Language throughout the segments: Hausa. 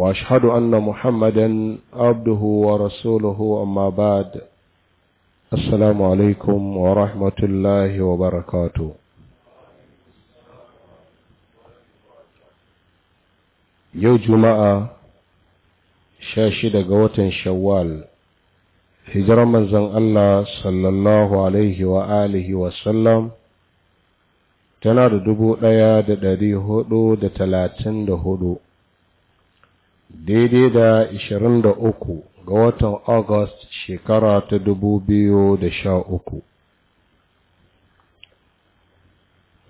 واشهد ان محمدا عبده ورسوله اما بعد السلام عليكم ورحمه الله وبركاته yau juma'a sha shida ga watan shawwal hijirar manzon Allah sallallahu alaihi wa alihi tana da dubu ɗaya da ɗari hudu da talatin da hudu daidai da 23 ga watan August shekara ta 2013.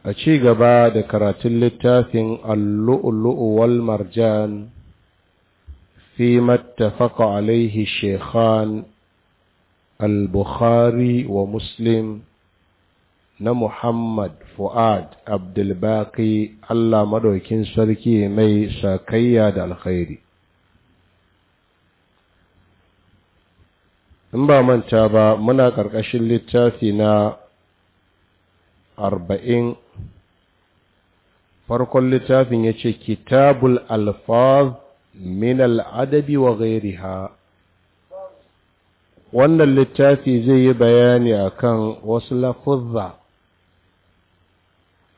A ci gaba da karatun littafin Allu'ulu'u wal Marjan fi mattafaka alaihi Shekhan al-Bukhari wa Muslim na Muhammad Fu'ad Abdulbaki Allah Madaukin Sarki mai sakayya da alkhairi. in ba manta ba muna ƙarƙashin littafi na arba'in farkon littafin ya ce kitabul alfaz min al'adabi wa gairiha wannan littafi zai yi bayani akan wasu lafuzza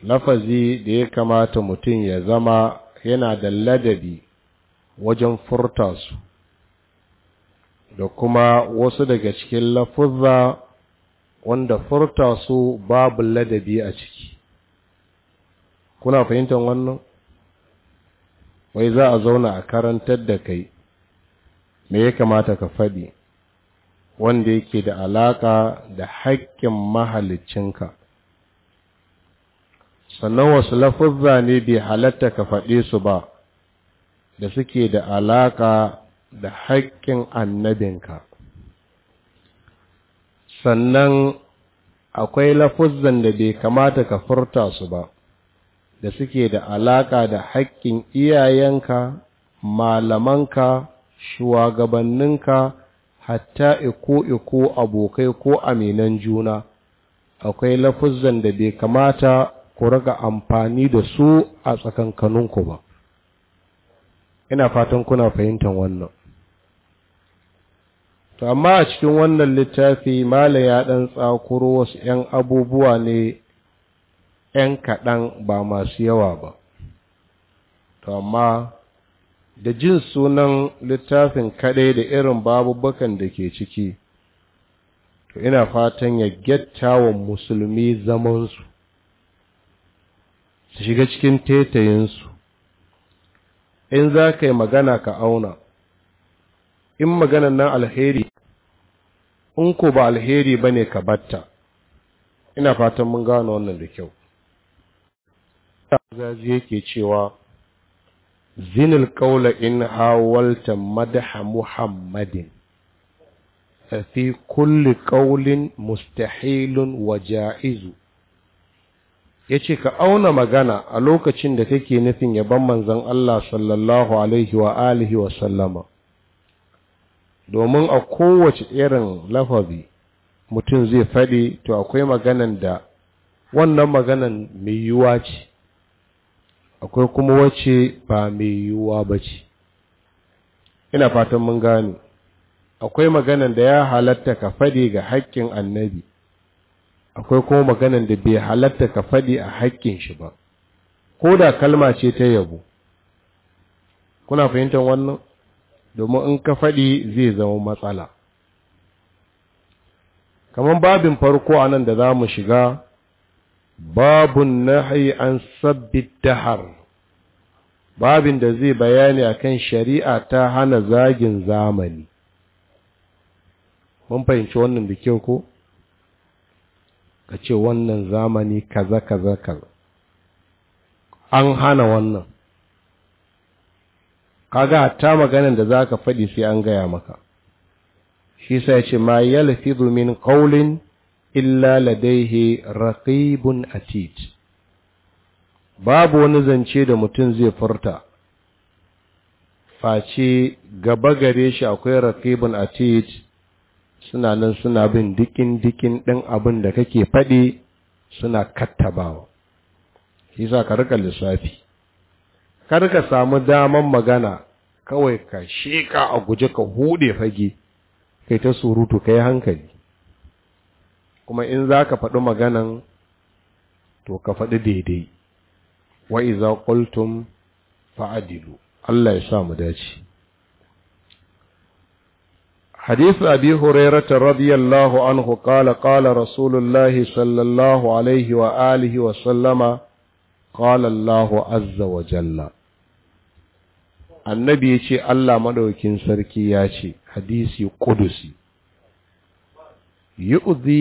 lafazi da ya kamata mutum ya zama yana da ladabi wajen furta su da kuma wasu daga cikin lafuzza wanda furta su babu ladabi a ciki kuna fahimtar wannan wai za a zauna a karantar da kai me ya kamata ka faɗi wanda yake da alaƙa da haƙƙin mahalicinka sannan wasu lafuzza ne bai halatta ka faɗe su ba da suke da alaƙa da haƙƙin annabinka sannan akwai lafuzzan da bai kamata ka furta su ba da suke da alaƙa da haƙƙin iyayenka malamanka shugabanninka hatta iko iko abokai ko aminan juna akwai lafuzzan da bai kamata ku raga amfani da su a tsakankaninku ba ina fatan kuna fahimtar wannan to amma a cikin wannan littafi mala ya ɗan tsakuro wasu ‘yan abubuwa ne ‘yan kaɗan ba masu yawa ba to amma da jin sunan littafin kaɗai da irin babu bakan da ke ciki to ina fatan ya gyattawa musulmi zamansu su shiga cikin tetayinsu in za ka yi magana ka auna in maganan nan alheri in ku ba alheri ba ne ka batta ina fatan mun gano wannan da kyau zazi yake cewa zinil kaula in hawalta madaha muhammadin fi kulli kaulin mustahilun wa ja'izu ya ce ka auna magana a lokacin da kake nufin yaban manzon Allah sallallahu alaihi wa alihi wa sallama domin a kowace irin lafazi mutum zai faɗi to akwai maganan da wannan maganan mai yiwuwa ce akwai kuma wace ba mai yiwuwa ba ce ina fatan mun gane akwai maganan da ya halatta ka faɗi ga haƙƙin annabi akwai kuma maganan da bai halatta ka faɗi a haƙƙin shi ba ko da kalma ce ta yabo kuna fahimtar wannan domin in ka faɗi zai zama matsala kamar babin farko a nan da za mu shiga babun nahi an sabbit dahar babin da zai bayani akan shari'a ta hana zagin zamani mun fahimci wannan da kyau ko ka ce wannan zamani kaza kaza kaza an hana wannan kaga ta maganan da zaka faɗi sai an gaya maka shi sai ya ce ma yalfidhu min qawlin illa ladayhi raqibun atid babu wani zance da mutum zai furta face gaba gare shi akwai raqibun atid suna nan suna bin dikin dikin ɗin abin da kake faɗi suna kattabawa shi sa ka rika lissafi kar ka samu daman magana kawai ka sheka a guje ka hude fage kai ta surutu kai hankali kuma in za ka faɗi maganan to ka faɗi daidai wa iza qultum fa'adilu Allah ya sa mu dace حديث أبي هريرة رضي الله عنه قال قال رسول الله صلى الله عليه وآله وسلم قال الله عز وجل annabi ya ce Allah maɗaukin sarki ya ce hadisi kudusi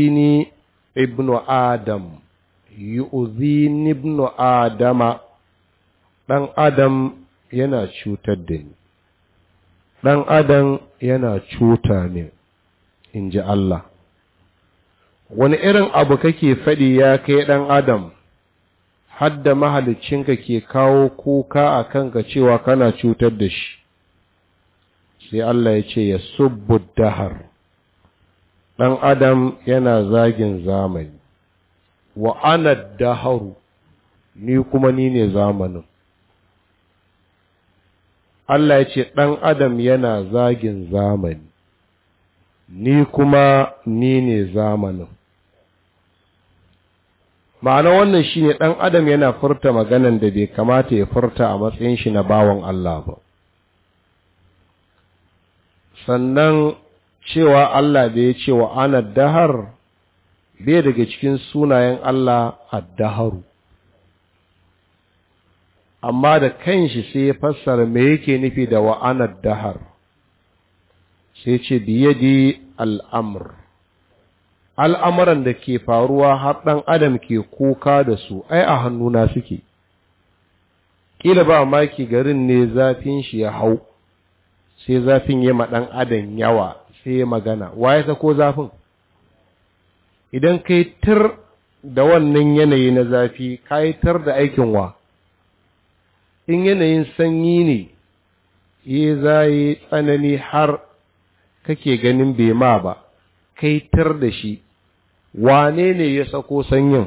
ni ibnu adam ni ibnu adama dan adam yana cutar da ni dan adam yana cuta ne in ji Allah wani irin abu kake faɗi ya kai ɗan adam hadda mahalicinka ke kawo kuka a kanka cewa kana cutar da shi sai Allah ya ce ya subbu dahar ɗan adam yana zagin zamani wa ana daharu ni kuma ni ne zamanin Allah ya ce ɗan adam yana zagin zamani ni kuma ni ne zamanin ma'ana wannan shine ɗan adam yana furta maganan da bai kamata ya furta a matsayin shi na bawan Allah ba sannan cewa Allah da ya ce wa ana dahar bai daga cikin sunayen Allah daharu amma da kanshi sai ya fassara me yake nufi da wa'anar dahar sai ce biyadi al'amur al'amuran da ke faruwa har ɗan adam ke kuka da su ai a hannuna suke ƙila ba maki garin ne zafin shi ya hau sai zafin ya ma ɗan adam yawa sai ya magana waye sako zafin idan kai tir da wannan yanayi na zafi ka yi tar da aikin wa in yanayin sanyi ne ya zaye tsanani har kake ganin bai ma ba kai tar da shi wane ne ya sako sanyin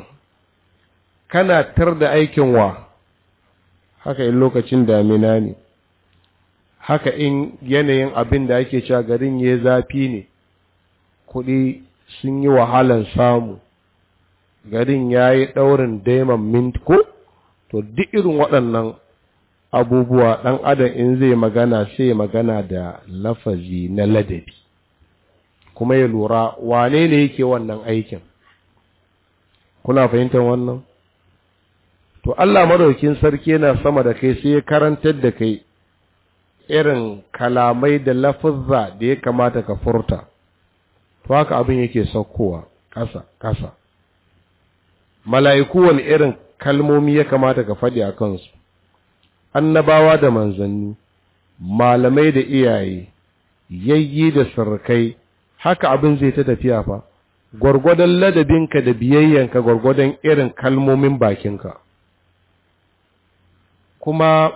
kana tar da aikin wa haka in lokacin damina ne haka in yanayin abin da ake cewa garin ya zafi ne kuɗi sun yi wahalan samu garin ya yi ɗaurin daiman mint ko to duk irin waɗannan abubuwa ɗan adam in zai magana sai magana da lafazi na ladabi kuma ya lura wane ne yake wannan aikin kuna fahimtar wannan to Allah madaukin sarki yana sama da kai sai ya karantar da kai irin kalamai da lafuzza da ya kamata ka furta to haka abin yake saukowa kasa kasa mala'iku wani irin kalmomi ya kamata ka faɗi a kansu annabawa da manzanni malamai da iyaye yayyi da sirkai haka abin zai ta tafiya fa gwargwadon ladabinka da biyayyanka gwargwadon irin kalmomin bakinka kuma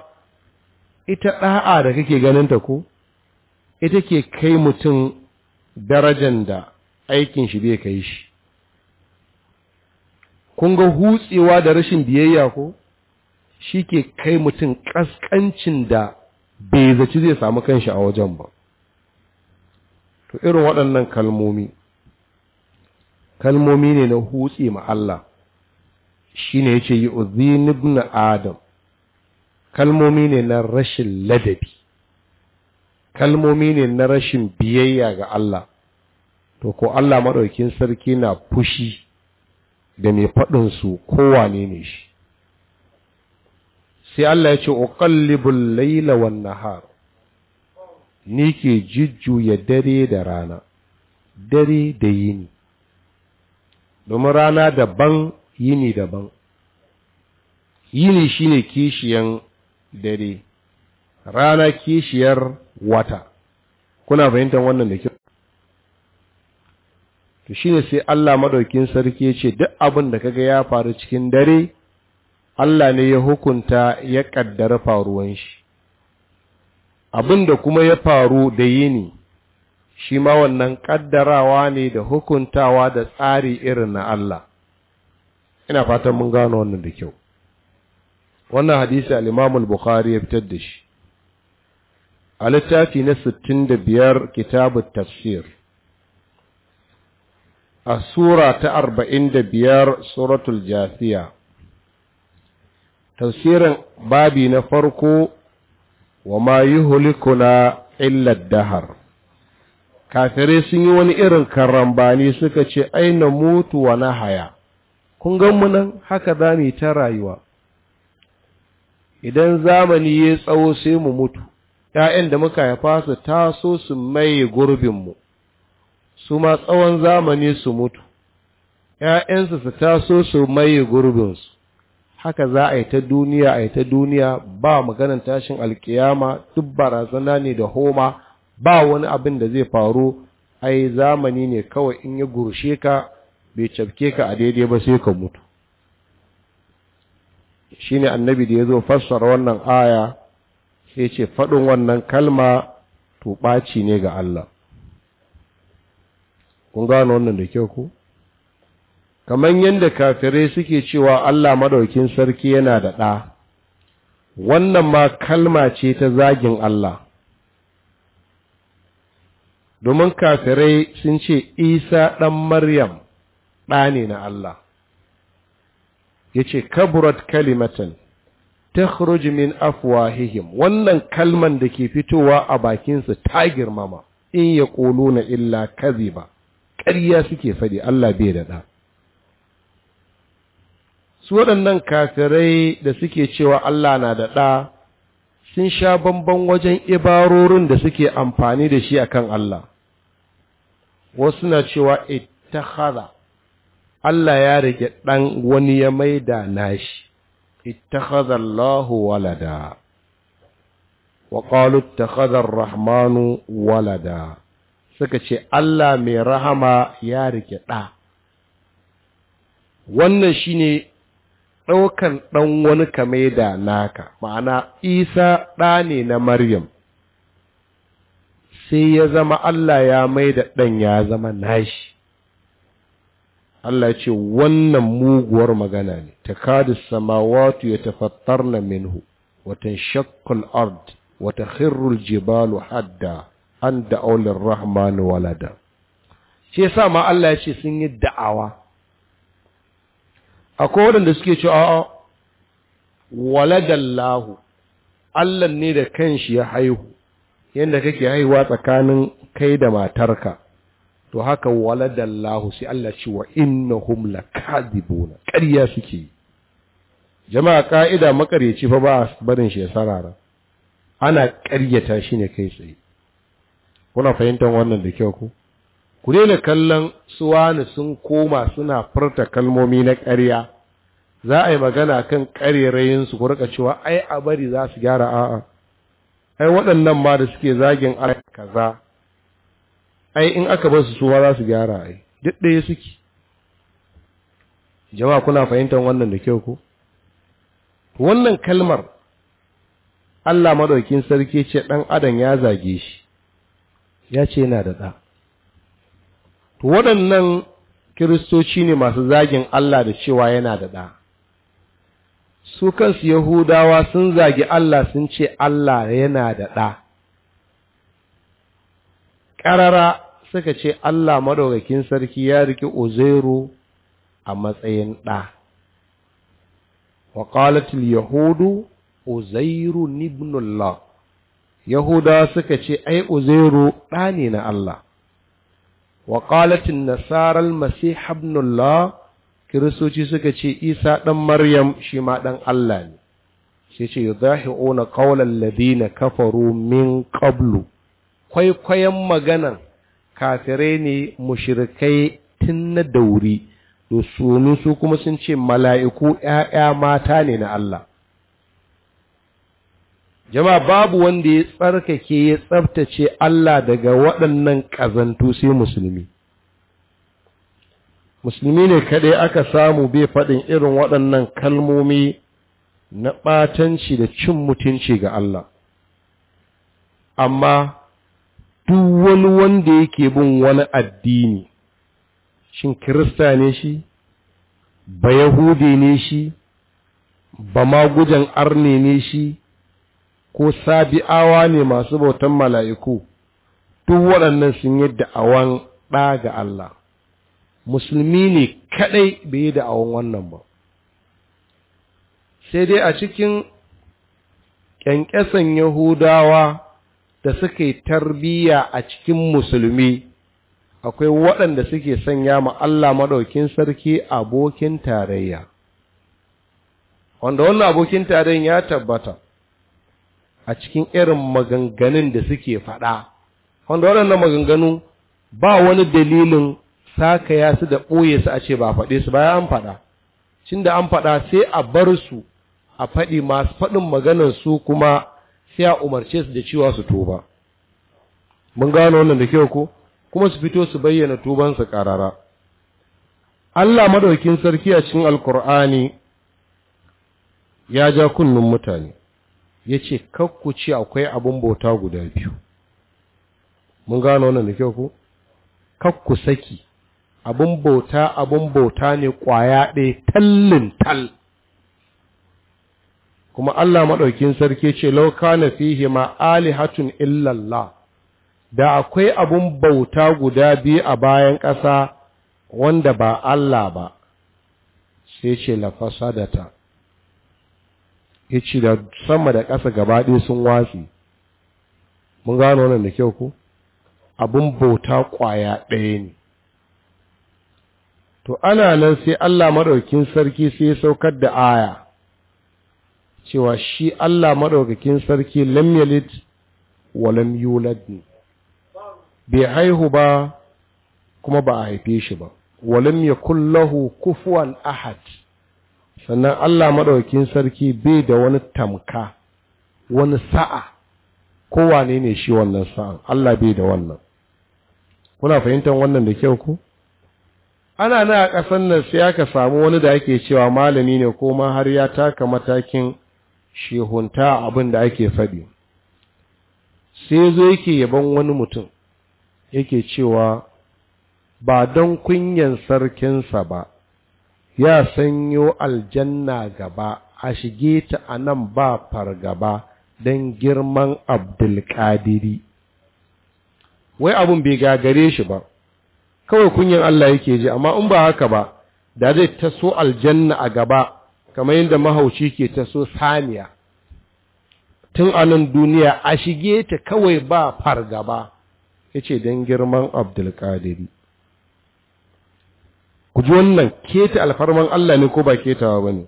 ita ɗa'a da kake ganinta ko ita ke kai mutum darajan da aikin shi bai kai shi kun ga hutsewa da rashin biyayya ko shi ke kai mutum ƙasƙancin da bai zaci zai samu kanshi a wajen ba to irin waɗannan kalmomi kalmomi ne na hutse ma Allah shi shine yace yu'dhin ibn adam kalmomi ne na rashin ladabi kalmomi ne na rashin biyayya ga Allah to ko Allah maɗaukin sarki na fushi da mai faɗin su kowane ne shi sai Allah ya ce uqallibul laila wan nahar ni ke jujjuya dare da rana dare da yini domin rana daban yini daban yini shine kishiyan dare rana kishiyar wata kuna fahimtar wannan da kyau to shine sai Allah madaukin sarki ya ce duk abin da kaga ya faru cikin dare Allah ne ya hukunta ya kaddara faruwan shi abin da kuma ya faru da yini shi ma wannan ƙaddarawa ne da hukuntawa da tsari irin na Allah ina fatan mun gano wannan da kyau wannan hadisi al-imamul bukhari ya fitar da shi a littafi na 65 kitabu tafsir a sura ta 45 suratul jasiya tafsirin babi na farko wa ma yuhlikuna الدهر dahar kafirai sun yi wani irin karambani suka ce aina mutu wa na haya kun gan mu nan haka za mu ta rayuwa idan zamani ya tsawo sai mu mutu ‘ya'yan da muka haifa su taso su maye gurbinmu su ma tsawon zamani su mutu ‘ya'yansu su taso su maye gurbinsu haka za a yi ta duniya a yi ta duniya ba maganan tashin alkiyama duk barazana ne da homa ba wani abin da zai faru ai zamani ne kawai in ya gurshe ka bai cafke ka a daidai ba sai ka mutu shine annabi da ya zo fassara wannan aya sai ce faɗin wannan kalma to ne ga Allah kun gano wannan da kyau ku kamar yadda kafirai suke cewa Allah madaukin sarki yana da ɗa wannan ma kalma ce ta zagin Allah domin kafirai sun ce isa ɗan maryam ɗa ne na Allah ya ce kaburat kalimatan ta min afwahihim wannan kalman da ke fitowa a bakinsu ta girmama in ya ƙolo na illa kazi ba ƙarya suke faɗi Allah bai da ɗa su waɗannan kafirai da suke cewa Allah na da ɗa sun sha bamban wajen ibarorin da suke amfani da shi akan Allah wasu na cewa ittakhadha Allah ya rike ɗan wani ya maida nashi ittakhadha Allahu walada wa qalu ittakhadha ar-rahmanu walada suka ce Allah mai rahama ya rike ɗa wannan shine ɗaukan ɗan wani kame da naka ma'ana isa ɗa ne na maryam sai ya zama Allah ya mai da ɗan ya zama nashi Allah ce wannan muguwar magana ne ta kada samawatu ya tafattar na minhu watan shakkul ard wata khirrul jibalu hadda an da'aular rahmanu walada shi yasa ma Allah ya ce sun yi da'awa akwai waɗanda suke ce a waladallahu Allah ne da kanshi ya haihu yadda kake haihuwa tsakanin kai da matarka to haka waladallahu sai Allah ce wa innahum kadibuna. ƙarya suke yi jama'a ka'ida makaryaci fa ba barin shi ya sarara ana ƙaryata shi ne kai tsaye kuna fahimtar wannan da kyau ku ku daina kallon suwani sun koma suna furta kalmomi na ƙarya za a yi magana kan ƙarerayinsu ku rika cewa ai a bari za su gyara a'a ai waɗannan ma da suke zagin ai kaza ai in aka bar su suwa za su gyara ai duk ɗaya suke jama'a kuna fahimtar wannan da kyau ko wannan kalmar Allah madaukin sarki ce ɗan adam ya zage shi ya ce yana da ɗa to waɗannan kiristoci ne masu zagin Allah da cewa yana da ɗa su kansu yahudawa sun zagi Allah sun ce Allah yana da ɗa ƙarara suka ce Allah madaukakin sarki ya riƙe uzairu a matsayin ɗa waƙalatul yahudu uzairu nibnullah yahudawa suka ce ai uzairu ɗa ne na Allah Waƙalatin qalatin nasara al-masih ibn kiristoci suka ce Isa dan Maryam shi ma dan Allah ne sai ce yudahiuna qawla alladhina kafaru min qablu kwaikwayon maganan kafirai ne mushrikai tun na dauri to su kuma sun ce mala'iku ‘ya'ya mata ne na Allah, jama'a babu wanda ya tsarkake ya tsabtace Allah daga waɗannan ƙazantu sai musulmi musulmi ne kaɗai aka samu bai faɗin irin waɗannan kalmomi na ɓatanci da cin mutunci ga Allah amma duk wani wanda yake bin wani addini shin kirista ne shi ba yahudi ne shi ba magujan arne ne shi ko sabi'awa ne masu bautan mala'iku duk waɗannan sun yi da'awan ɗa ga Allah musulmi ne kaɗai bai yi da'awan wannan ba sai dai a cikin ƙyanƙyasan yahudawa da suka yi tarbiyya a cikin musulmi akwai waɗanda suke sanya ma Allah maɗaukin sarki abokin tarayya wanda wannan abokin tarayyan ya tabbata a cikin irin maganganun da suke faɗa wanda waɗannan maganganu ba wani dalilin ya su da ɓoye su a ce ba faɗe su bayan an faɗa cin da an faɗa sai a bar su a faɗi masu faɗin maganar su kuma sai a umarce su da cewa su tuba mun gano wannan da kyau ko kuma su fito su bayyana tuban su ƙarara Allah madaukin sarki a cikin alkur'ani ya ja kunnun mutane ya ce kakku ce akwai abin bauta guda biyu mun gano wannan da kyau ku kakku saki abin bauta abin bauta ne ƙwaya ɗaya tallin tal kuma Allah maɗaukin sarki ce lauka na fihi ma'alihatun illallah da akwai abin bauta guda biyu a bayan ƙasa wanda ba Allah ba sai ce ta ya ce da sama da ƙasa gaba ɗaya sun watsi mun gano wannan da kyau ko abin bauta ƙwaya ɗaya ne to ana nan sai Allah maɗaukin sarki sai ya saukar da aya cewa shi Allah maɗaukakin sarki lam yalid wa lam yulad bai haihu ba kuma ba a haife shi ba wa lam yakullahu kufuwan ahad sannan Allah maɗaukin sarki bai da wani tamka wani sa'a kowane ne shi wannan sa'an Allah bai da wannan kuna fahimtar wannan da kyau ku ana na a ƙasar nan sai aka samu wani da ake cewa malami ne ko ma har ya taka matakin shehunta abin da ake faɗi sai zo yake yaban wani mutum yake cewa ba don kunyan sarkinsa ba ya sanyo aljanna gaba a shige ta a nan ba fargaba don girman abdulkadiri wai abun bai gagare shi ba kawai kunyan Allah yake ji amma in ba haka ba da zai taso aljanna a gaba kamar yadda mahauci ke taso saniya tun anan duniya a shige ta kawai ba fargaba ya ce don girman abdulkadiri ku ji wannan keta alfarman Allah ne ko ba ketawa ba ne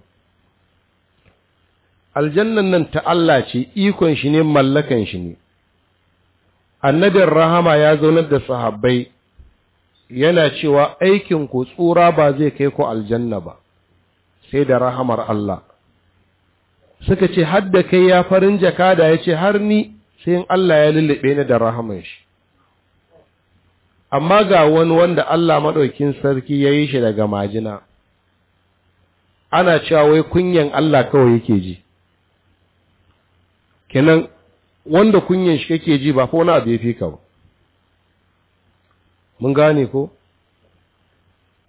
aljannan nan ta Allah ce ikon shi ne mallakan shi ne annabin rahama ya zaunar da sahabbai yana cewa aikin ku tsura ba zai kai ku aljanna ba sai da rahamar Allah suka ce hadda kai ya farin jaka da ya ce har ni sai in Allah ya lullube ni da rahaman shi amma ga wani wanda Allah maɗaukin sarki ya yi shi daga majina ana cewa wai kunyan Allah kawai yake ji kenan wanda kunyan shi kake ji ba fa wani abu ya fi ka ba mun gane ko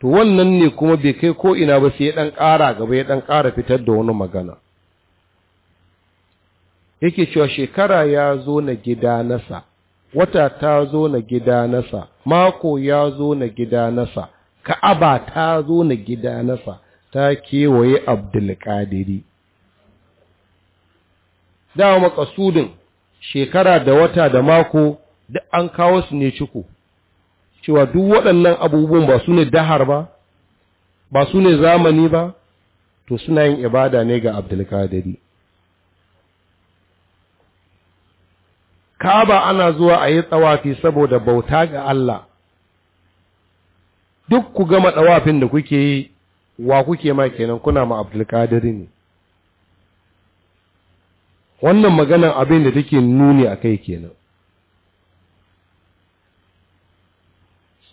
to wannan ne kuma bai kai ko ina ba sai ya dan ƙara gaba ya dan ƙara fitar da wani magana yake cewa shekara ya zo na gida nasa wata ta zo na gida nasa mako ya zo na gida nasa ka'aba ta zo na gida nasa ta kewaye abdulkadiri dawa makasudin shekara da wata da mako duk an kawo su ne ciko cewa duk waɗannan abubuwan ba su ne dahar ba ba su ne zamani ba to suna yin ibada ne ga abdulkadiri kaba ana zuwa a yi tsawafi saboda bauta ga Allah duk ku gama tsawafin da kuke yi wa kuke ma kenan kuna ma abdulkadir ne wannan maganan abin da take nuni a kai kenan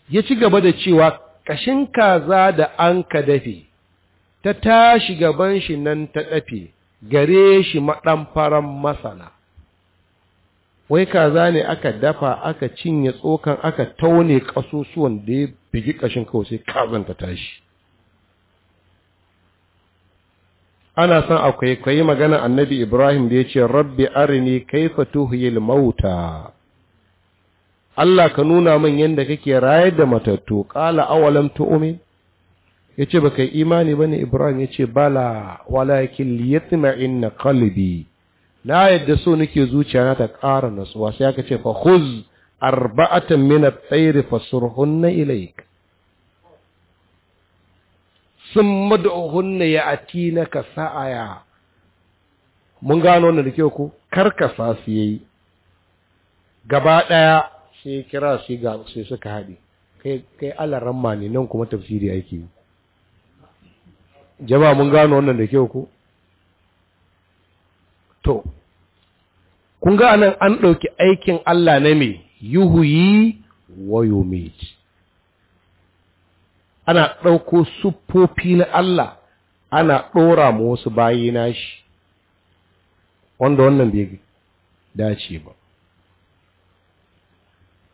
ya ci gaba da cewa ƙashin kaza da an ka dafe ta tashi gaban shi nan ta ɗafe gare shi maɗan faran masana wai kaza ne aka dafa aka cinye tsokan aka taune kasusuwan da ya bigi kashin kawai sai kazan ta tashi ana son akwai kwaikwayi magana annabi ibrahim da ya ce rabbi arini kaifa tuhyil mauta Allah ka nuna min yadda kake rayar da matattu qala awalam tu'min yace baka imani ba ne, ibrahim yace bala walakin liyatma'inna qalbi na yadda so nake zuciya na ta ƙara nasuwa sai aka ce fa khuz arba'atan min at-tayr surhunna ilayk summa du'hunna ka sa'aya mun gano wannan da kyau ko karkasa yayi gaba daya sai kira shi ga sai suka hadi kai kai ne nan kuma tafsiri ake jama'a mun gano wannan da kyau ko to kun ga anan an ɗauki aikin Allah na me yuhuyi wa yumit ana ɗauko siffofi na Allah ana ɗora ma wasu bayi shi. wanda wannan bai dace ba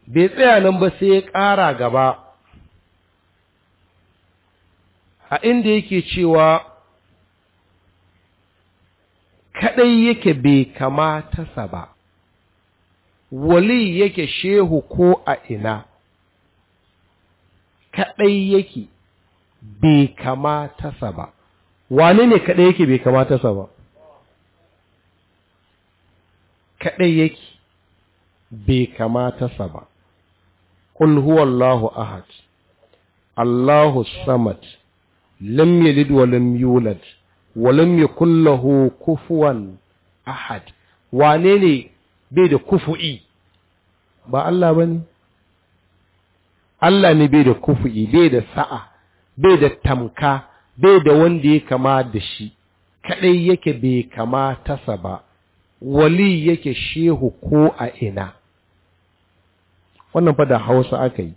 bai tsaya nan ba sai ya ƙara gaba a inda yake cewa kaɗai yake bai kamata sa ba, wali yake shehu ko a ina, kaɗai yake bai kamata sa ba, wani ne kaɗai yake bai kamata sa ba? Kaɗai yake bai kamata sa ba, ƙul huwallahu ahad, Allahu samad, lam yalid wa yulad. walam yakul lahu kufuwan ahad wane ne bai da kufu'i ba Allah bane Allah ne bai da kufu'i bai da sa'a bai da tamka bai da wanda ya kama da shi kadai yake bai kama tasa ba wali yake shehu ko a ina wannan fa da Hausa aka yi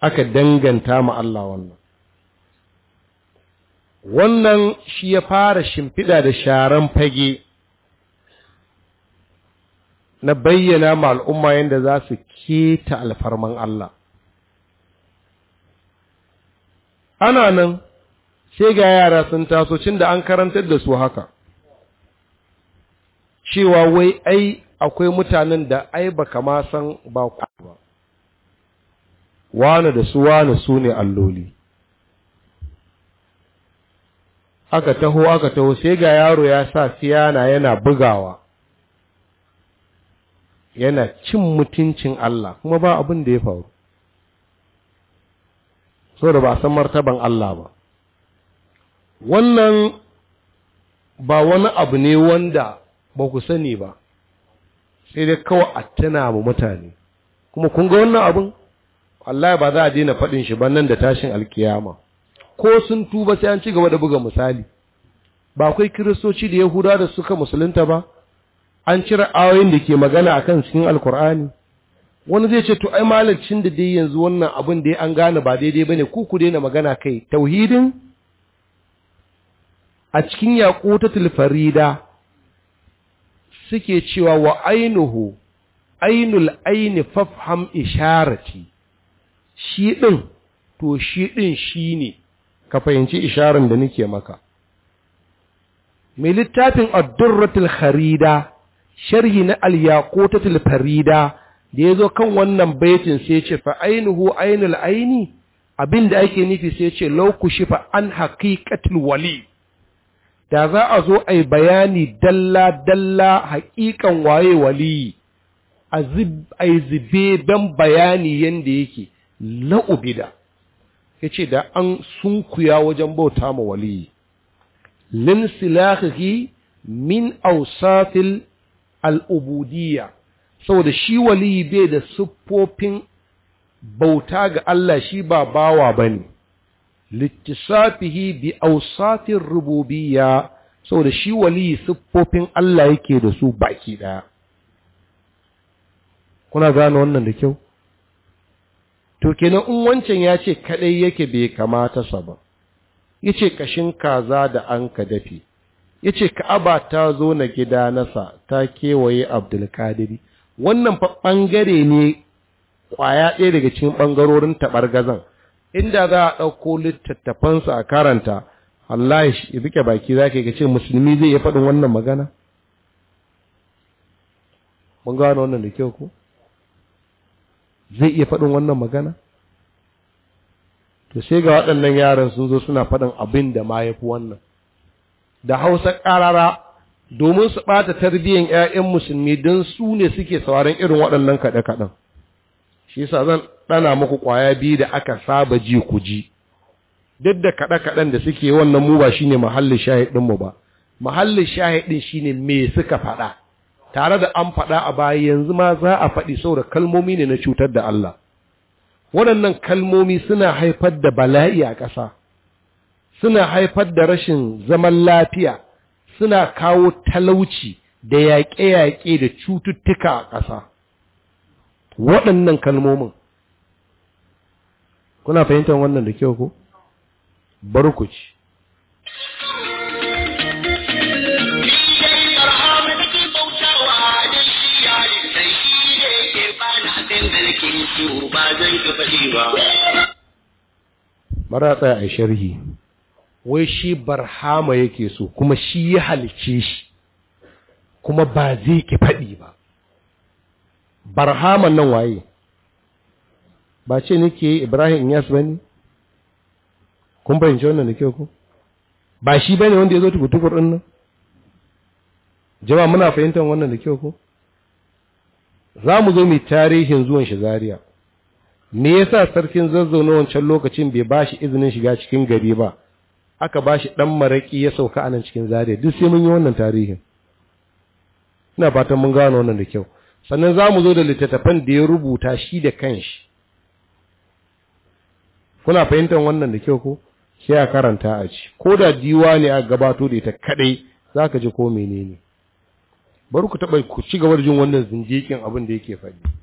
aka danganta ma Allah wannan wannan shi ya fara shimfiɗa da sharan fage na bayyana ma al'umma yadda za su keta alfarman Allah ana nan sai ga yara sun taso cin da an karantar da su haka cewa wai ai akwai mutanen da ai baka ma san ba ku ba wane da su wane su ne alloli aka taho aka taho sai ga yaro ya sa siyana yana bugawa yana cin mutuncin Allah kuma ba abin da ya faru saboda ba san martaban Allah ba wannan ba wani abu ne wanda ba ku sani ba sai dai kawai a tana mu mutane kuma kun ga wannan abin Allah ba za a daina faɗin shi ba nan da tashin alkiyama ko sun tuba sai an ci gaba da buga misali ba akwai kiristoci da yahuda da suka musulunta ba an cire ayoyin da ke magana akan cikin alkur'ani wani zai ce to ai malacin da dai yanzu wannan abin da an gane ba daidai bane ku ku daina magana kai tauhidin a cikin yaqutatul farida suke cewa wa ainuhu ainul aini fafham isharati shi din to shi din shine ka fahimci isharin da nake maka mai littafin addurratul kharida sharhi na al farida da yazo kan wannan baitin sai ce fa ainuhu ainul aini Abin da ake nufi sai ce law kushifa an haqiqatul wali da za a zo ai bayani dalla dalla haƙiƙan waye wali azib ai zibe dan bayani yanda yake la'ubida. ya ce da an sunkuya wajen bauta ma waliyi silahihi min ausafil al'ubudiyya saboda shi waliyi bai da siffofin bauta ga Allah shi ba bawa ba ne littisafihi bi ausafin rububiyya saboda shi waliyi siffofin Allah yake da su baki ɗaya kuna gano wannan da kyau to kenan in wancan ya ce kadai yake bai kamata sa ba ce kashin kaza da an ka dafe yace ka'aba ta zo na gida nasa ta kewaye abdulkadiri wannan fa bangare ne kwaya ɗaya daga cikin bangarorin tabar gazan inda za a ɗauko littattafansa a karanta Allah ya rike baki za ka yi ce musulmi zai iya faɗin wannan magana? Mun gano wannan da kyau ko? zai iya faɗin wannan magana to sai ga waɗannan yaran sun zo suna faɗin abin da ma ya fi wannan da hausa ƙarara domin su ɓata tarbiyyar 'ya'yan musulmi don su ne suke sauran irin waɗannan kaɗe-kaɗen shi yasa zan ɗana muku ƙwaya biyu da aka saba ji ku ji duk da kaɗe-kaɗen da suke wannan mu ba shine mahallin shahidinmu ba mahallin shahidin shine me suka faɗa tare da an faɗa a baya yanzu ma za a faɗi saboda kalmomi ne na cutar da Allah waɗannan kalmomi suna haifar da bala'i a ƙasa suna haifar da rashin zaman lafiya suna kawo talauci da yaƙe-yaƙe da cututtuka a ƙasa waɗannan kalmomin kuna fahimtar wannan da kyau ko ci. ba bara tsaya a sharhi wai shi barhama yake so kuma shi ya halice shi kuma ba zai ki faɗi ba barhaman nan waye ba ce nake ibrahim yas ba ne kun fahimci wannan da kyau ko ba shi ba ne wanda ya zo tukutukur ɗin nan jama'a muna fahimtar wannan da kyau ko za mu zo mai tarihin zuwan shi zariya me yasa sarkin zazzau na wancan lokacin bai ba shi izinin shiga cikin gari ba aka ba shi ɗan maraƙi ya sauka a nan cikin zariya duk sai mun yi wannan tarihin ina fatan mun gano wannan da kyau sannan za mu zo da littattafan da ya rubuta shi da kanshi kuna fahimtar wannan da kyau ko sai a karanta a ci ko da diwa ne a gabato da ita kadai za ka ji ko menene bari ku taɓa ku ci gaba da jin wannan zinjikin abin da yake faɗi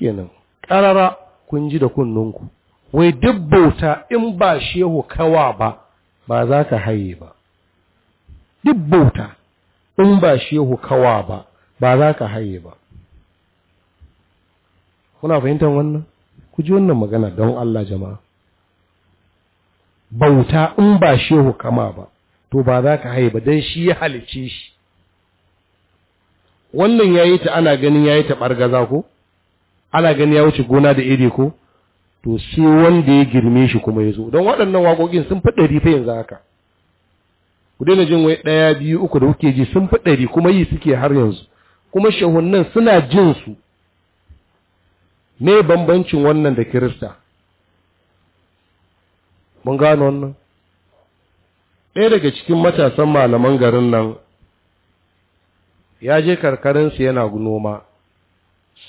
kenan ƙarara kun ji da kunnunku wai duk bauta in ba shehu kawa ba ba za ka haye ba duk bauta in ba shehu kawa ba ba za ka haye ba kuna fahimtar wannan ku ji wannan magana don Allah jama'a bauta in ba shehu kama ba to ba za ka haye ba don shi ya halice shi wannan ya yi ta ana ganin ya yi ta ɓargaza ko ana gani ya wuce gona da iri ko to shi wanda ya girme shi kuma ya zo don waɗannan waƙoƙin sun fi ɗari fa yanzu haka ku daina jin wai ɗaya biyu uku da kuke ji sun fi ɗari kuma yi suke har yanzu kuma shahunnan suna jin su me bambancin wannan da kirista mun gano wannan ɗaya daga cikin matasan malaman garin nan ya je karkarinsu yana noma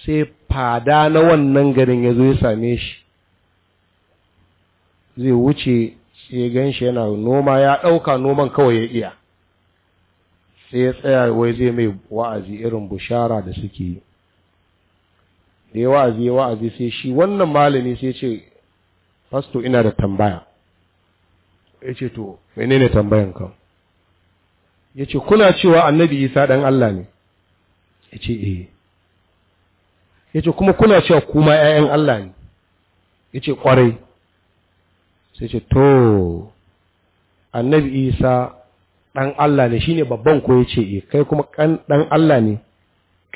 sai fada na wannan garin ya zo ya same shi zai wuce sai gan shi yana noma ya ɗauka noman kawai ya iya sai ya tsaya wai zai mai wa'azi irin bushara da suke yi da ya wa'azi ya wa'azi sai shi wannan malami sai ce fasto ina da tambaya ya ce to menene tambayan kan ya ce kuna cewa annabi isa ɗan Allah ne ya ce eh yace kuma kuna cewa kuma ƴaƴan Allah ne yace kwarai sai ce to annabi Isa dan Allah ne shine babban ko yace eh kai kuma kan dan Allah ne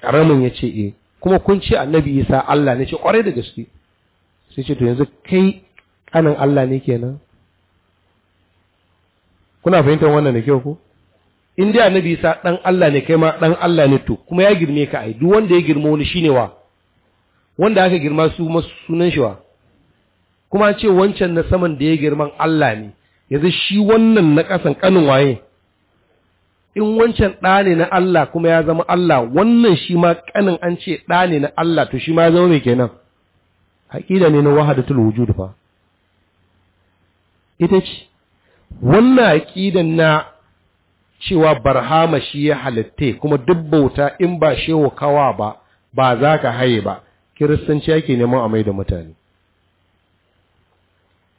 karamin yace eh kuma kun ce annabi Isa Allah ne ce kwarai da gaske sai ce to yanzu kai kanin Allah ne kenan kuna fahimtar wannan da kyau ko in dai annabi Isa dan Allah ne kai ma dan Allah ne to kuma ya girme ka ai duk wanda ya girme wani shine wa wanda aka girma su masu sunan shi wa kuma ce wancan na saman da ya girman Allah ne yanzu shi wannan na ƙasan kanin waye in wancan ɗa ne na Allah kuma ya zama Allah wannan shi ma kanin an ce ɗa ne na Allah to shi ma ya zama mai kenan haƙida ne na wahadatul wujud fa ita ce wannan haƙidan na cewa barhama shi ya halitte kuma duk bauta in ba shewa kawa ba ba za ka haye ba kiristanci ake neman a mai da mutane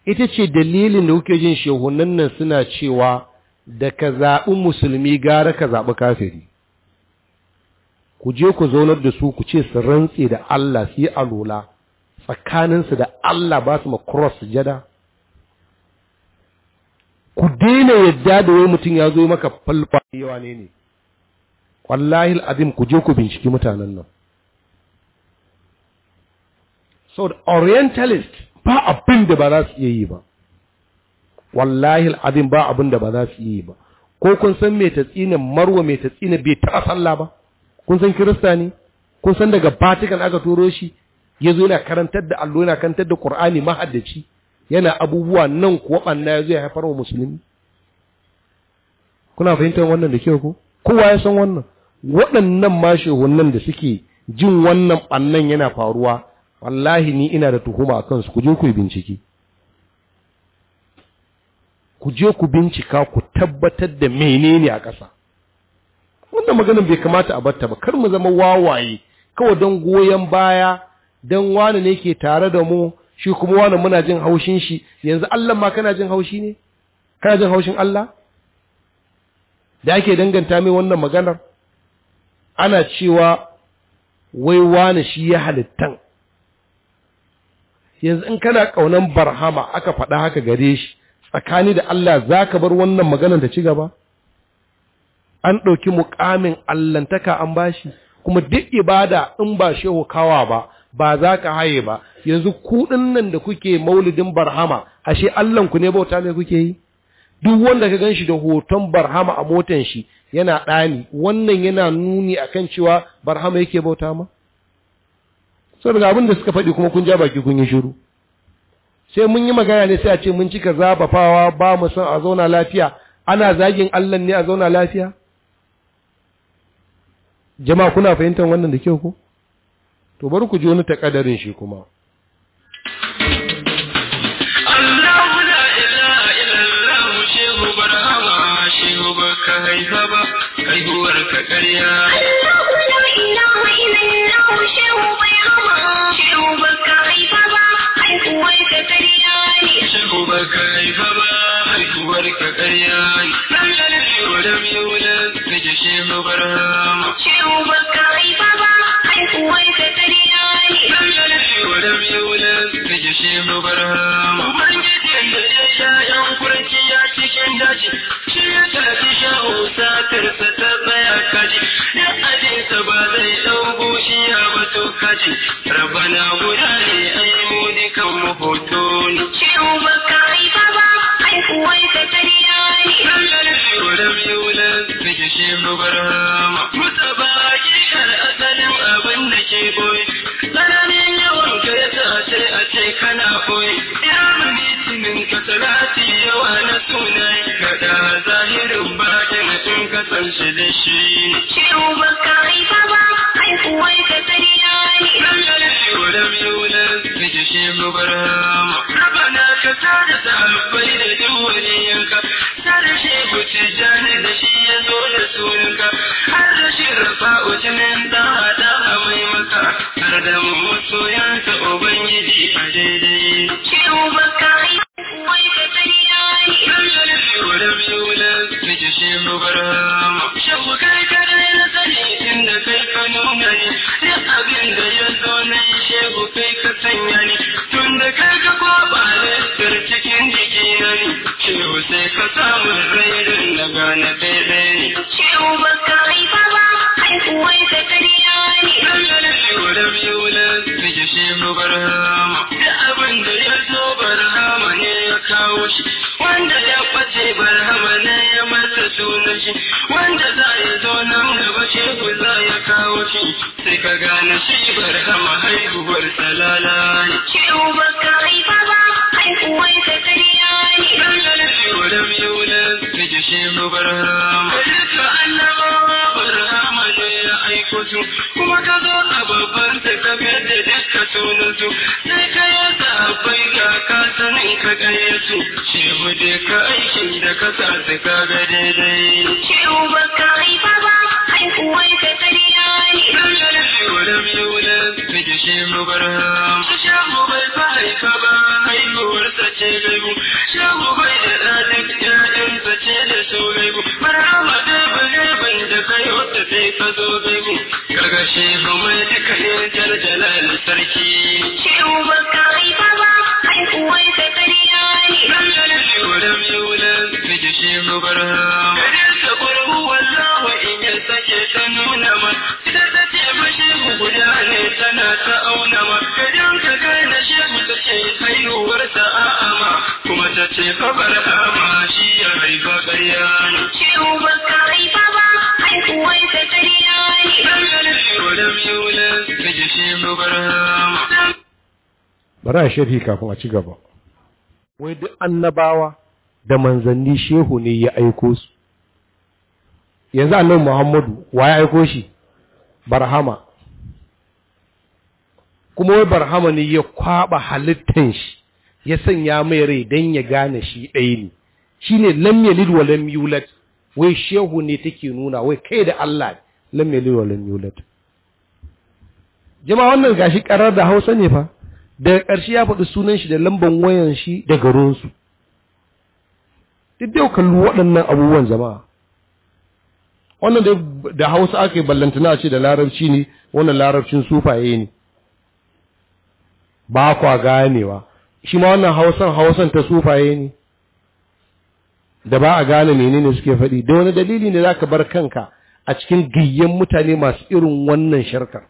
ita ce dalilin da kuke jin shehunan nan suna cewa da ka zaɓi musulmi gara ka zaɓi kafiri ku je ku zaunar da su ku ce su rantse da Allah su yi alola tsakaninsu da Allah ba su makros jada. ku daina yadda da wai mutum ya zo maka falfa yawa ne ne wallahi al'azim ku je ku binciki mutanen nan saboda orientalist ba abin da ba za su iya yi ba wallahi al'adin ba abin da ba za su iya yi ba ko kun san mai tatsina marwa mai tatsina bai taɓa sallah ba kun san kirista ne kun san daga vatican aka turo shi ya zo yana karantar da allo yana karantar da qur'ani mahaddaci yana abubuwa nan kuwa ɓanna ya zo ya haifar wa musulmi kuna fahimtar wannan da kyau ko kowa ya san wannan waɗannan ma shehunan da suke jin wannan ɓannan yana faruwa wallahi ni ina da tuhuma a kansu ku je ku bincike ku je ku bincika ku tabbatar da menene a ƙasa wannan maganin bai kamata a batta ba kar mu zama wawaye kawai don goyon baya don wani ne ke tare da mu shi kuma wani muna jin haushin shi yanzu Allah ma kana jin haushi ne kana jin haushin Allah da ake danganta mai wannan maganar ana cewa wai wani shi ya halittan yanzu in kana ƙaunan barhama aka faɗa haka gare shi tsakani da Allah za ka bar wannan maganar ta ci gaba an ɗauki muƙamin allantaka an bashi kuma duk ibada in ba shehu kawa ba ba za ka haye ba yanzu kuɗin nan da kuke maulidin barhama ashe allanku ne bauta mai kuke yi duk wanda ka ganshi da hoton barhama a motan shi yana ɗani wannan yana nuni akan cewa barhama yake bauta ma saboda abin da suka faɗi kuma kun ja baki kun yi shiru sai mun yi magana ne sai a ce mun cika zabafawa ba mu san a zauna lafiya ana zagin Allah ne a zauna lafiya jama'a kuna fahimtar wannan da kyau ko to bari ku ji wani takadarin shi kuma Kai zaba, kai huwar ka ƙarya. شكوك كيف بارك ورك كريان ولم يولد نجشي مبرام شكوك كيف بارك ورك كريان ولم يولد نجشي مبرام ومن جديد يا شاعر كرتي cikin daji shi ya tafi shaho sa ta tsaya kaji ya ajinsa ba zai ɗau bushiya ba to kaji rabana guda ne ai mu dukan mu hoto ne ciwo baka कुछ निंदा bara sharhi kafin a ci gaba wai duk annabawa da manzanni shehu ne ya aiko su yanzu annabi Muhammadu wa ya aiko shi barhama kuma wai barhama ne ya kwaɓa halittan shi ya sanya mai rai don ya gane shi ɗaya ne Shi lam yalid wa lam wai shehu ne take nuna wai kai da Allah lam yalid wa lam yulad jama'a wannan gashi karar da Hausa ne fa daga ƙarshe ya faɗi sunan shi da lamban wayan shi da garinsu duk da kallo waɗannan abubuwan jama'a wannan da da hausa aka yi ballantana ce da larabci ne wannan larabcin sufaye ne ba kwa ganewa shi ma wannan hausan hausan ta sufaye ne da ba a gane menene suke faɗi da wani dalili ne zaka bar kanka a cikin gayyen mutane masu irin wannan sharkar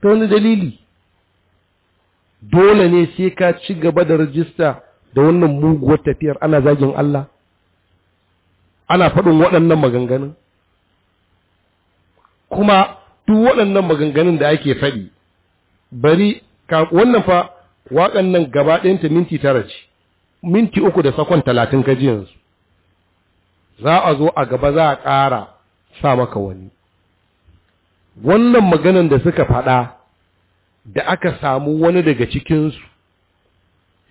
ta wani dalili dole ne sai ka ci gaba da rajista da wannan muguwar tafiyar ana zagin Allah ana faɗin waɗannan maganganun kuma duk waɗannan maganganun da ake faɗi bari wannan fa waƙan nan gaba ɗayanta minti tara ce minti uku da sakon talatin ka yanzu za a zo a gaba za a ƙara sa maka wani wannan maganan da suka faɗa da aka samu wani daga cikinsu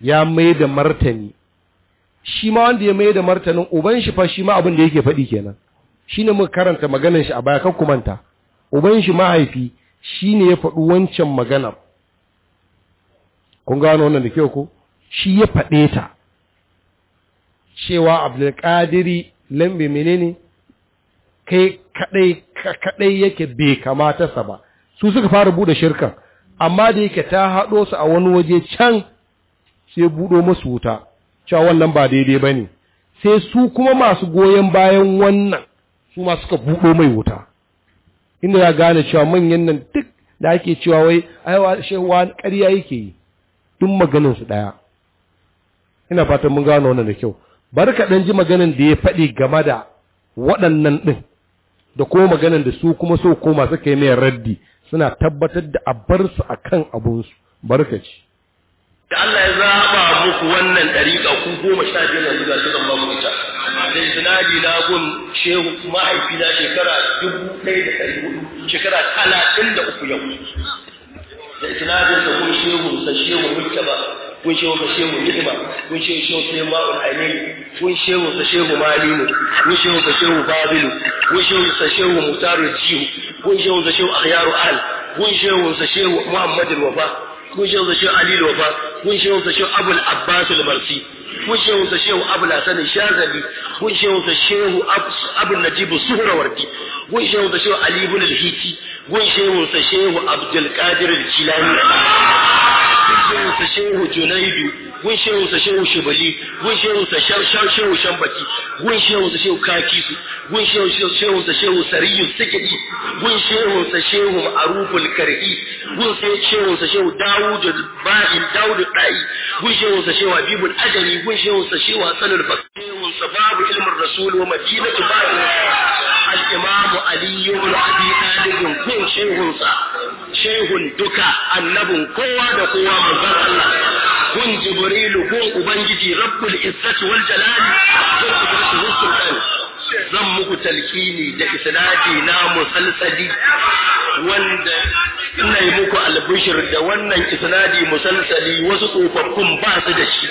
ya mai da martani shi ma wanda ya mai da martanin uban shi fa shi ma abin da yake faɗi kenan shi ne muka karanta maganar shi a baya kan kumanta uban shi mahaifi shi ne ya faɗi wancan maganar kun gano wannan da kyau ko shi ya faɗe ta cewa abdulkadiri lambe menene kai kaɗai kaɗai yake bai kamata sa ba su suka fara buɗe shirkan amma da yake ta haɗo su a wani waje can sai buɗo masu wuta cewa wannan ba daidai ba ne sai su kuma masu goyon bayan wannan su ma suka buɗo mai wuta inda ya gane cewa manyan nan duk da ake cewa wai aiwa shewa ƙarya yake yi duk maganinsu ɗaya ina fatan mun gano wannan da kyau bari ka ɗan ji maganin da ya faɗi game da waɗannan ɗin da kuma maganin da su kuma so koma suka yi mai raddi suna tabbatar da a bar su akan abunsu barkaci da Allah ya zaba muku wannan dariƙa ku goma sha biyar yanzu ga shi zan ba muku ita da zinadi na gun shehu mahaifi na shekara dubu ɗaya da ɗari hudu shekara talatin da uku yau da zinadi da gun shehu sa shehu mulka kun shehu ka shehu ni'ima kun shehu shehu sulaimanul ainihi kun shehu ka shehu malimu kun shehu ka shehu babilu kun shehu ka shehu mutarul jihu kun shehu ka shehu akhyaru ahl kun shehu ka shehu muhammadul wafa kun shehu ka shehu alil wafa kun shehu ka shehu abul abbas al marsi kun shehu ka shehu abul hasan shazali kun shehu ka shehu abul najib suhrawardi kun shehu ka shehu ali ibn al-hiti gun shehunsa shehu abdulkadir jilani shehu junaidu gun shehu sa shehu shibali gun shehu sa shar shehu shambaki gun shehu sa shehu kakisu gun shehu shehu sa shehu sariyu sikidi gun shehu sa shehu aruful karhi gun shehu sa shehu dawud ba'in dawud dai gun shehu sa shehu habibul ajali gun shehu sa shehu hasanul bakri shehu sa babu ilmin rasul wa madinatu ba'in al-imam ali ibn abi talib gun shehu sa shehun duka annabin kowa da kowa manzon Allah kun jibrilu kun ubangiji rabbul izzati wal jalali kun zan muku talkini da isnadi na musalsali wanda ina yi muku albishir da wannan isnadi musalsali wasu tsofaffin ba su da shi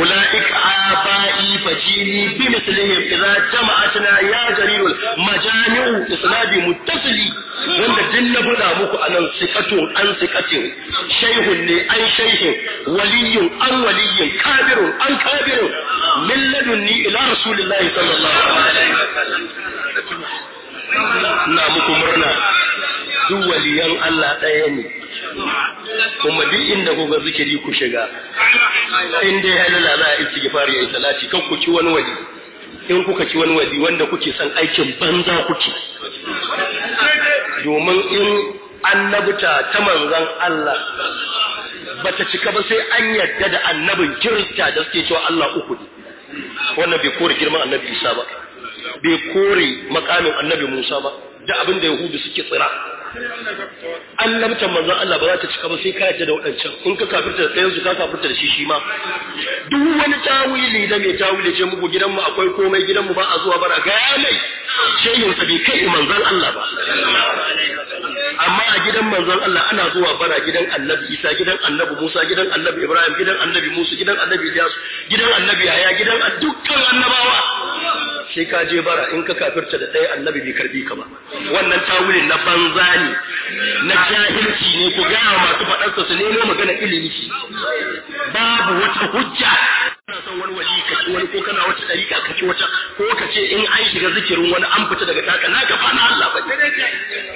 ulaika abai ni bi mislihim idza jama'atna ya jarirul majami'u isnadi muttasili wanda din na faɗa muku anan sikatun an sikatin shaihun ne an shaihin waliyun an waliyin kabirun an kabirun min ladunni ila rasulillahi sallallahu alaihi wasallam ina muku murna duk waliyan Allah ɗaya ne kuma duk inda kuka zikiri ku shiga in dai halala za a yi sigifari ya yi salati kan ku ci wani wali in kuka ci wani wali wanda kuke san aikin banza kuke domin in annabta ta manzan Allah ta cika ba sai an yadda da annabin kirista da suke cewa Allah uku ne wannan bai kore girman annabi Isa ba bai kore makamin annabi Musa ba da abin da Yahudu suke tsira annabtan manzon Allah ba za ta cika ba sai ka yarda da waɗancan in ka kafirta da ɗayansu ka kafirta da shi shi ma duk wani tawili da mai tawili ce muku gidan mu akwai komai gidan mu ba a zuwa bara ga mai shehin bai kai manzon Allah ba amma a gidan manzon Allah ana zuwa bara gidan Annabi Isa gidan Annabi Musa gidan Annabi Ibrahim gidan Annabi Musa gidan Annabi Ilyas gidan Annabi Yahya gidan dukkan annabawa sai ka je bara in ka kafirta da ɗaya annabi bai karbi ka ba wannan tawulin na banza ne na jahilci ne ku gaya masu faɗarsa su nemo magana ilimi babu wata hujja kana son wani wali ka ci wani ko kana wata ɗariƙa ka ci wata ko ka ce in an shiga zikirin wani an fita daga taka na gaba na Allah ba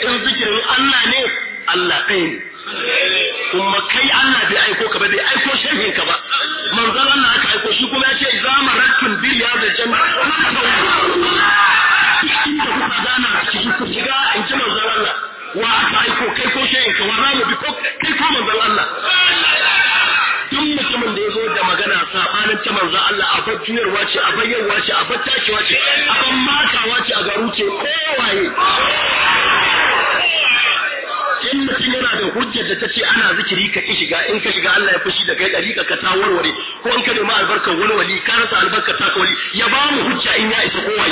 in zikirin Allah ne Allah ɗaya ne kuma kai Allah bai aiko ka ba bai aiko shehin ka ba manzon na aka aiko shi kuma ya ce za mu rakin bil ya da jama'a inda kuka gana a cikin ku shiga in ji manzon na wa aka aiko kai ko shi ka wa mu bi ko kai ko manzon na. duk mutumin da ya zo da magana sabanin ta manzon Allah a bar juyarwa ce a bayyarwa ce a bar tashiwa ce a bar makawa ce a garu ce kowaye in mutum yana da hujjar da ta ce ana zikiri ka ki shiga in ka shiga Allah ya fushi da kai ɗari ka ta warware ko in ka nemi albarkar wani wali ka rasa albarkar ta wali ya ba mu hujja in ya isa kowa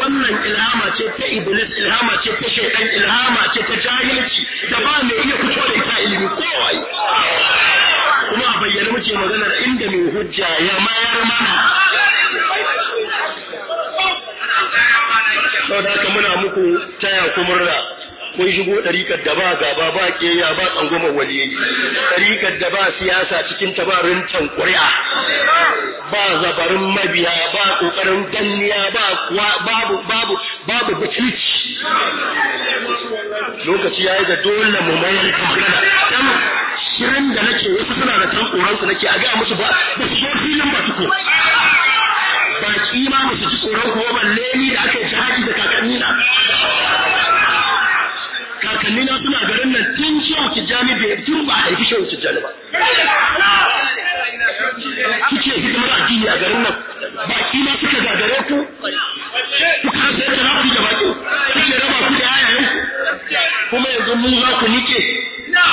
wannan ilhama ce ta iblis ilhama ce ta shaidan ilhama ce ta jahilci da ba mai iya fito da ita ilimi kowa kuma a bayyana muke maganar inda mai hujja ya mayar mana sau da haka muna muku taya ku murna kun shigo ɗarikar da ba gaba ba ya ba tsangwamar waliyayi ɗarikar da ba siyasa cikin tabarin can ƙuri'a ba zabarin mabiya ba ƙoƙarin danniya ba babu babu babu butulci lokaci ya yi da dole mu mayar magana dan shirin da nake wasu suna da tan ƙoransu nake a ga musu ba ba su zo filin ba tuko ba ki ma musu ji tsoron kuwa balle ni da aka yi shahadi da kakanni na kakanni na suna garin nan tun shehu tijjani bai tun ba a yi shehu tijjani ba kuke hidimar addini a garin nan baki ma suka gagare ku kuka hasa yadda za ku da baki kuke raba ku da yayayen ku kuma yanzu mun za ku nike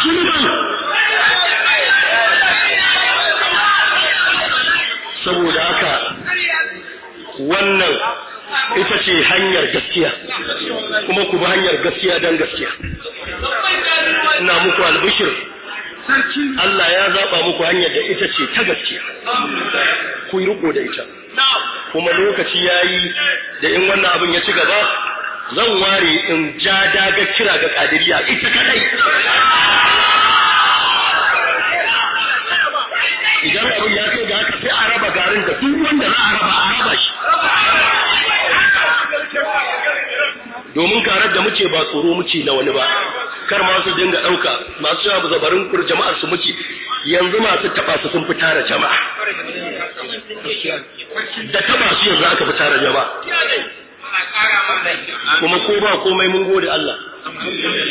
shi ne wannan ita ce hanyar gaskiya kuma ku bi hanyar gaskiya dan gaskiya ina muku albishir Allah ya zaɓa muku hanyar da ita ce ta gaskiya ku yi riko da ita kuma lokaci ya yi da in wannan abin ya ci gaba zan ware in ja daga kira ga kadiriya ita kadai idan abin ya kai ga haka sai a raba garin da duk wanda za a raba a raba shi domin karar da muke ba tsoro muke na wani ba kar ma su dinga ɗauka masu cewa bu zabarin kur jama'ar su muke yanzu masu taɓa su sun fi tara jama'a da taɓa su yanzu aka fi tara jama'a kuma ko ba komai mun gode Allah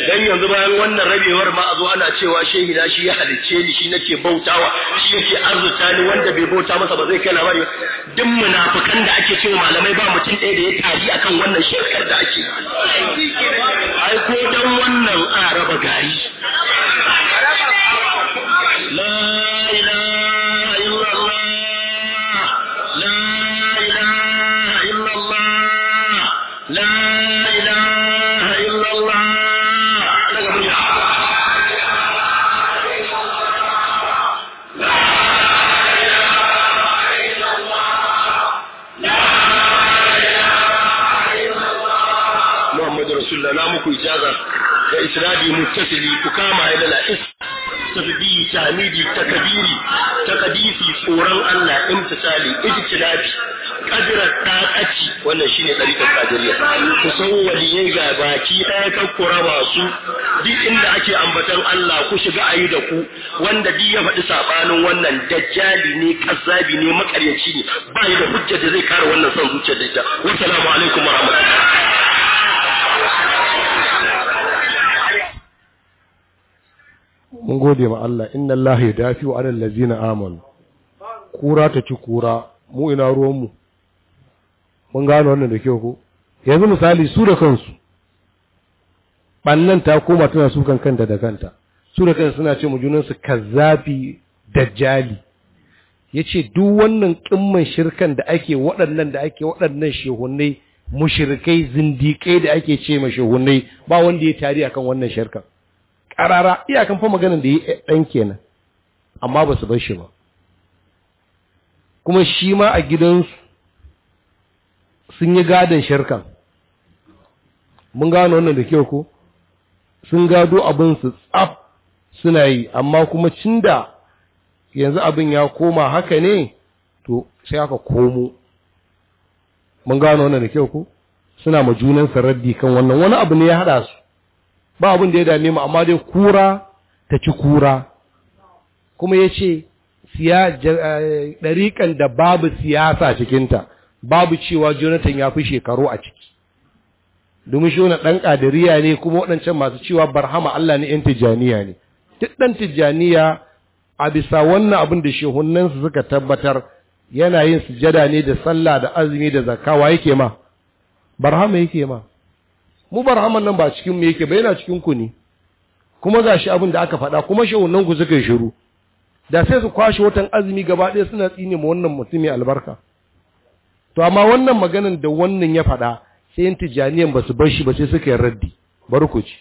dan yanzu bayan wannan rabewar ma a zo ana cewa shehi da shi ya halicce ni shi nake bautawa shi yake arzuta ni wanda bai bauta masa ba zai kai labari duk munafikan da ake cewa malamai ba mutum ɗaya da ya tari akan wannan shirkar da ake ai ko dan wannan araba gari la ilaha muhammadu rasulullah na muku ijaza da isnadi muttasili ku kama ya lala is ta tahmidi takbiri takdisi tsoron Allah imtisali ijtilabi kadirar ɗaƙaci wannan shine ɗariƙar ƙadiriya ku san waliyai ga baki ɗaya kan kuraba su duk inda ake ambatan Allah ku shiga ayi da ku wanda duk ya faɗi sabanin wannan dajjali ne kazzabi ne makaryaci ne ba da hujja da zai kare wannan son zuciyar da ita Salamu alaikum warahmatullahi mun gode ma Allah inna Allah ya dafi wa alal lazina amanu kura ta ci kura mu ina ruwanmu mun gano wannan da kyau ko yanzu misali su da kansu bannan ta koma tana su kanta da kanta su da kansu suna ce mu junan su kazzafi dajjali yace duk wannan kimman shirkan da ake waɗannan da ake waɗannan shehunai mushrikai zindikai da ake ce ma shehunai ba wanda ya tari akan wannan shirkan ƙarara iyakan fa maganin da ya ɗan kenan amma ba su bar shi ba kuma shi ma a gidansu sun yi gadon shirkan mun gano wannan da kyau ko sun gado abin su tsaf suna yi amma kuma cinda yanzu abin ya koma haka ne to sai aka komo mun gano wannan da kyau ko suna ma junan kan wannan wani abu ne ya haɗa su ba abin da ya dame mu amma dai kura ta ci kura kuma ya ce eh, ɗariƙan da babu siyasa cikinta babu cewa jonathan ya fi shekaru a ciki domin shi wani ɗan ƙadiriya ne kuma waɗancan masu cewa barhama allah ne 'yan tijjaniya ne duk ɗan tijjaniya a bisa wannan abin da shehunansu suka tabbatar yana yin sujada ne da sallah da azumi da zakawa yake ma barhama yake ma mu haman nan ba cikin mu yake ba yana cikin ku ne kuma shi abin da aka faɗa kuma wannan ku suka shiru da sai su kwashe watan azumi gaba ɗaya suna tsine ma wannan mutum albarka to amma wannan maganan da wannan ya faɗa sai yin tijaniyan ba su bar shi ba sai suka yi raddi bari ku ci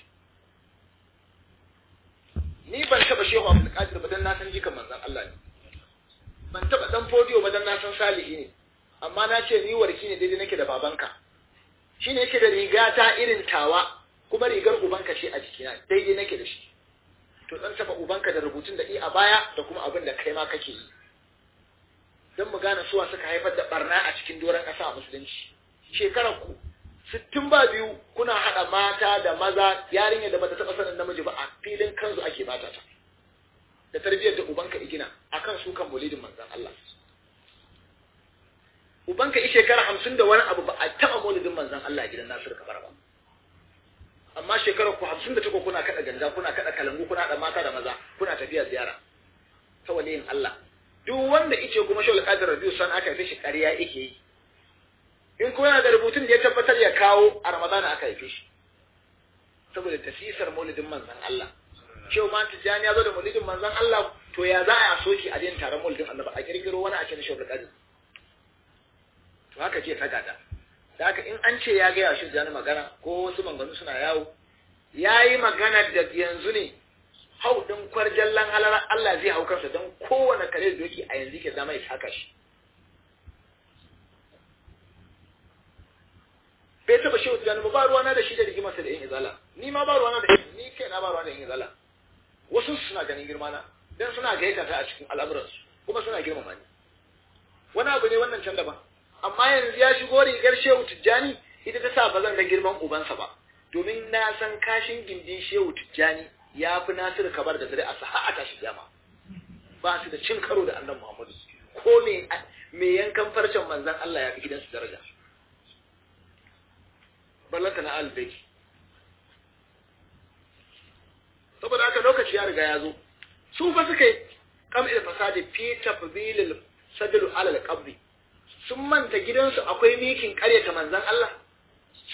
ni ban taɓa shehu abu qadir ba dan na san jikan manzon Allah ne ban taɓa dan fodiyo ba dan na san salihi ne amma na ce ni warki ne daidai nake da babanka Shi ne yake da riga ta irin tawa kuma rigar ubanka ce a jikina daidai nake da shi to zan saba ubanka da rubutun da i a baya da kuma abin da kai ma kake yi Don mu gane suwa suka haifar da barna a cikin doron ƙasa a musulunci shekarar ku sittin ba biyu kuna haɗa mata da maza yarinya da mata taɓa sanin namiji ba a filin kansu ake bata ta da tarbiyyar da ubanka igina akan su kan mulidin manzon Allah ubanka ishe shekara hamsin da wani abu ba a taɓa maulidin manzan Allah gidan da Kabara ba amma shekarar ku hamsin da tako kuna kaɗa ganda kuna kaɗa kalangu kuna haɗa mata da maza kuna tafiya ziyara ta waliyin Allah duk wanda ice kuma shawul qadir rabiu san aka haife shi ƙarya yake yi in kuma yana da rubutun da ya tabbatar ya kawo a ramadana aka haife shi saboda tasisar maulidin manzan Allah cewa ma tijani ya zo da maulidin manzan Allah to ya za a soki a jin taron maulidin Allah ba a kirkiro wani a cikin shawul qadir to haka ce gada. da haka in an ce ya gaya shi jani magana ko wasu manganu suna yawo ya yi magana da yanzu ne hau ɗin kwarjallan halara Allah zai hau kansa don kowane kare doki a yanzu ke zama ya saka shi bai taba shi wata ba ruwa na da shi da rigimarsa da yin izala ni ma ba ruwa na da shi, ni kai na ba ruwa da yin izala wasu suna ganin girma na Dan suna gaita ta a cikin al'amuransu kuma suna girmama ni wani abu ne wannan can daban amma yanzu ya shigo rigar shehu tijjani ita ta sa ba zan da girman ubansa ba domin na san kashin gindin shehu tijjani ya fi nasiru kabar da dare a saha a tashi jama ba su da cin karo da annan muhammadu ko me yankan farcen manzan Allah ya fi su daraja ballanta na Albeki saboda haka lokaci ya riga ya zo su fa suka yi kam il fasadi fi tafdilil sadlu qabri sun manta gidansu akwai mikin karyata manzan Allah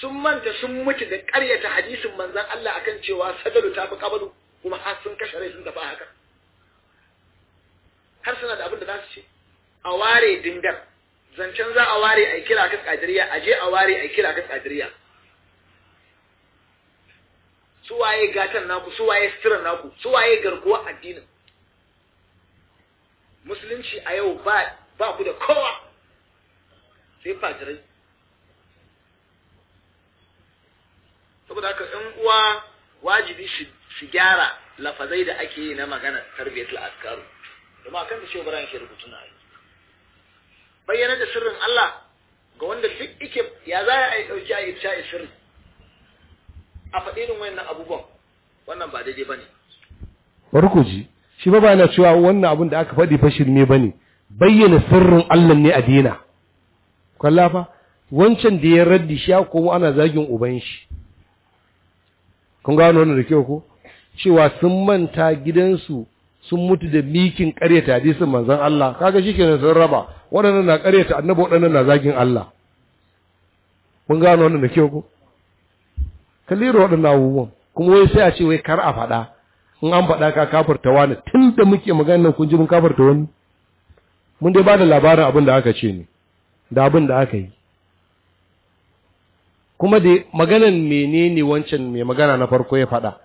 sun manta sun mutu da karyata hadisin manzan Allah akan cewa sadalu ta fi kabalu kuma har sun kashe rai sun tafi haka har suna da abin da za su ce a ware dingar zancen za a ware a kira ka kadiriya a je a ware a kira ka kadiriya su waye gatan naku su waye sitiran naku su waye garkuwa addinin musulunci a yau ba ku da kowa sai fajirai saboda haka in uwa wajibi su gyara lafazai da ake yi na magana tarbiyatul askaru domin akan da shi bayan ke rubutu na ayi bayyana da sirrin Allah ga wanda duk ike ya za a yi ɗauki a yi sirri a faɗi irin wayannan abubuwan wannan ba daidai ba bane ji shi ba ba na cewa wannan abun da aka faɗi fa ba ne. bayyana sirrin Allah ne a dina kwalla fa wancan da ya raddi shi ko ana zagin uban shi kun gano wannan da kyau ko cewa sun manta gidansu sun mutu da mikin ƙaryata hadisin manzon Allah kaga shikenan sun raba waɗannan na ƙaryata annabi waɗannan na zagin Allah kun gano wannan da kyau ko kaliro waɗannan abubuwan kuma wai sai a ce wai kar a faɗa in an faɗa ka kafarta wani tun da muke magana kun ji mun kafarta wani mun dai ba da labarin abin da aka ce ne da abin da aka yi kuma da maganan menene wancan mai magana na farko ya faɗa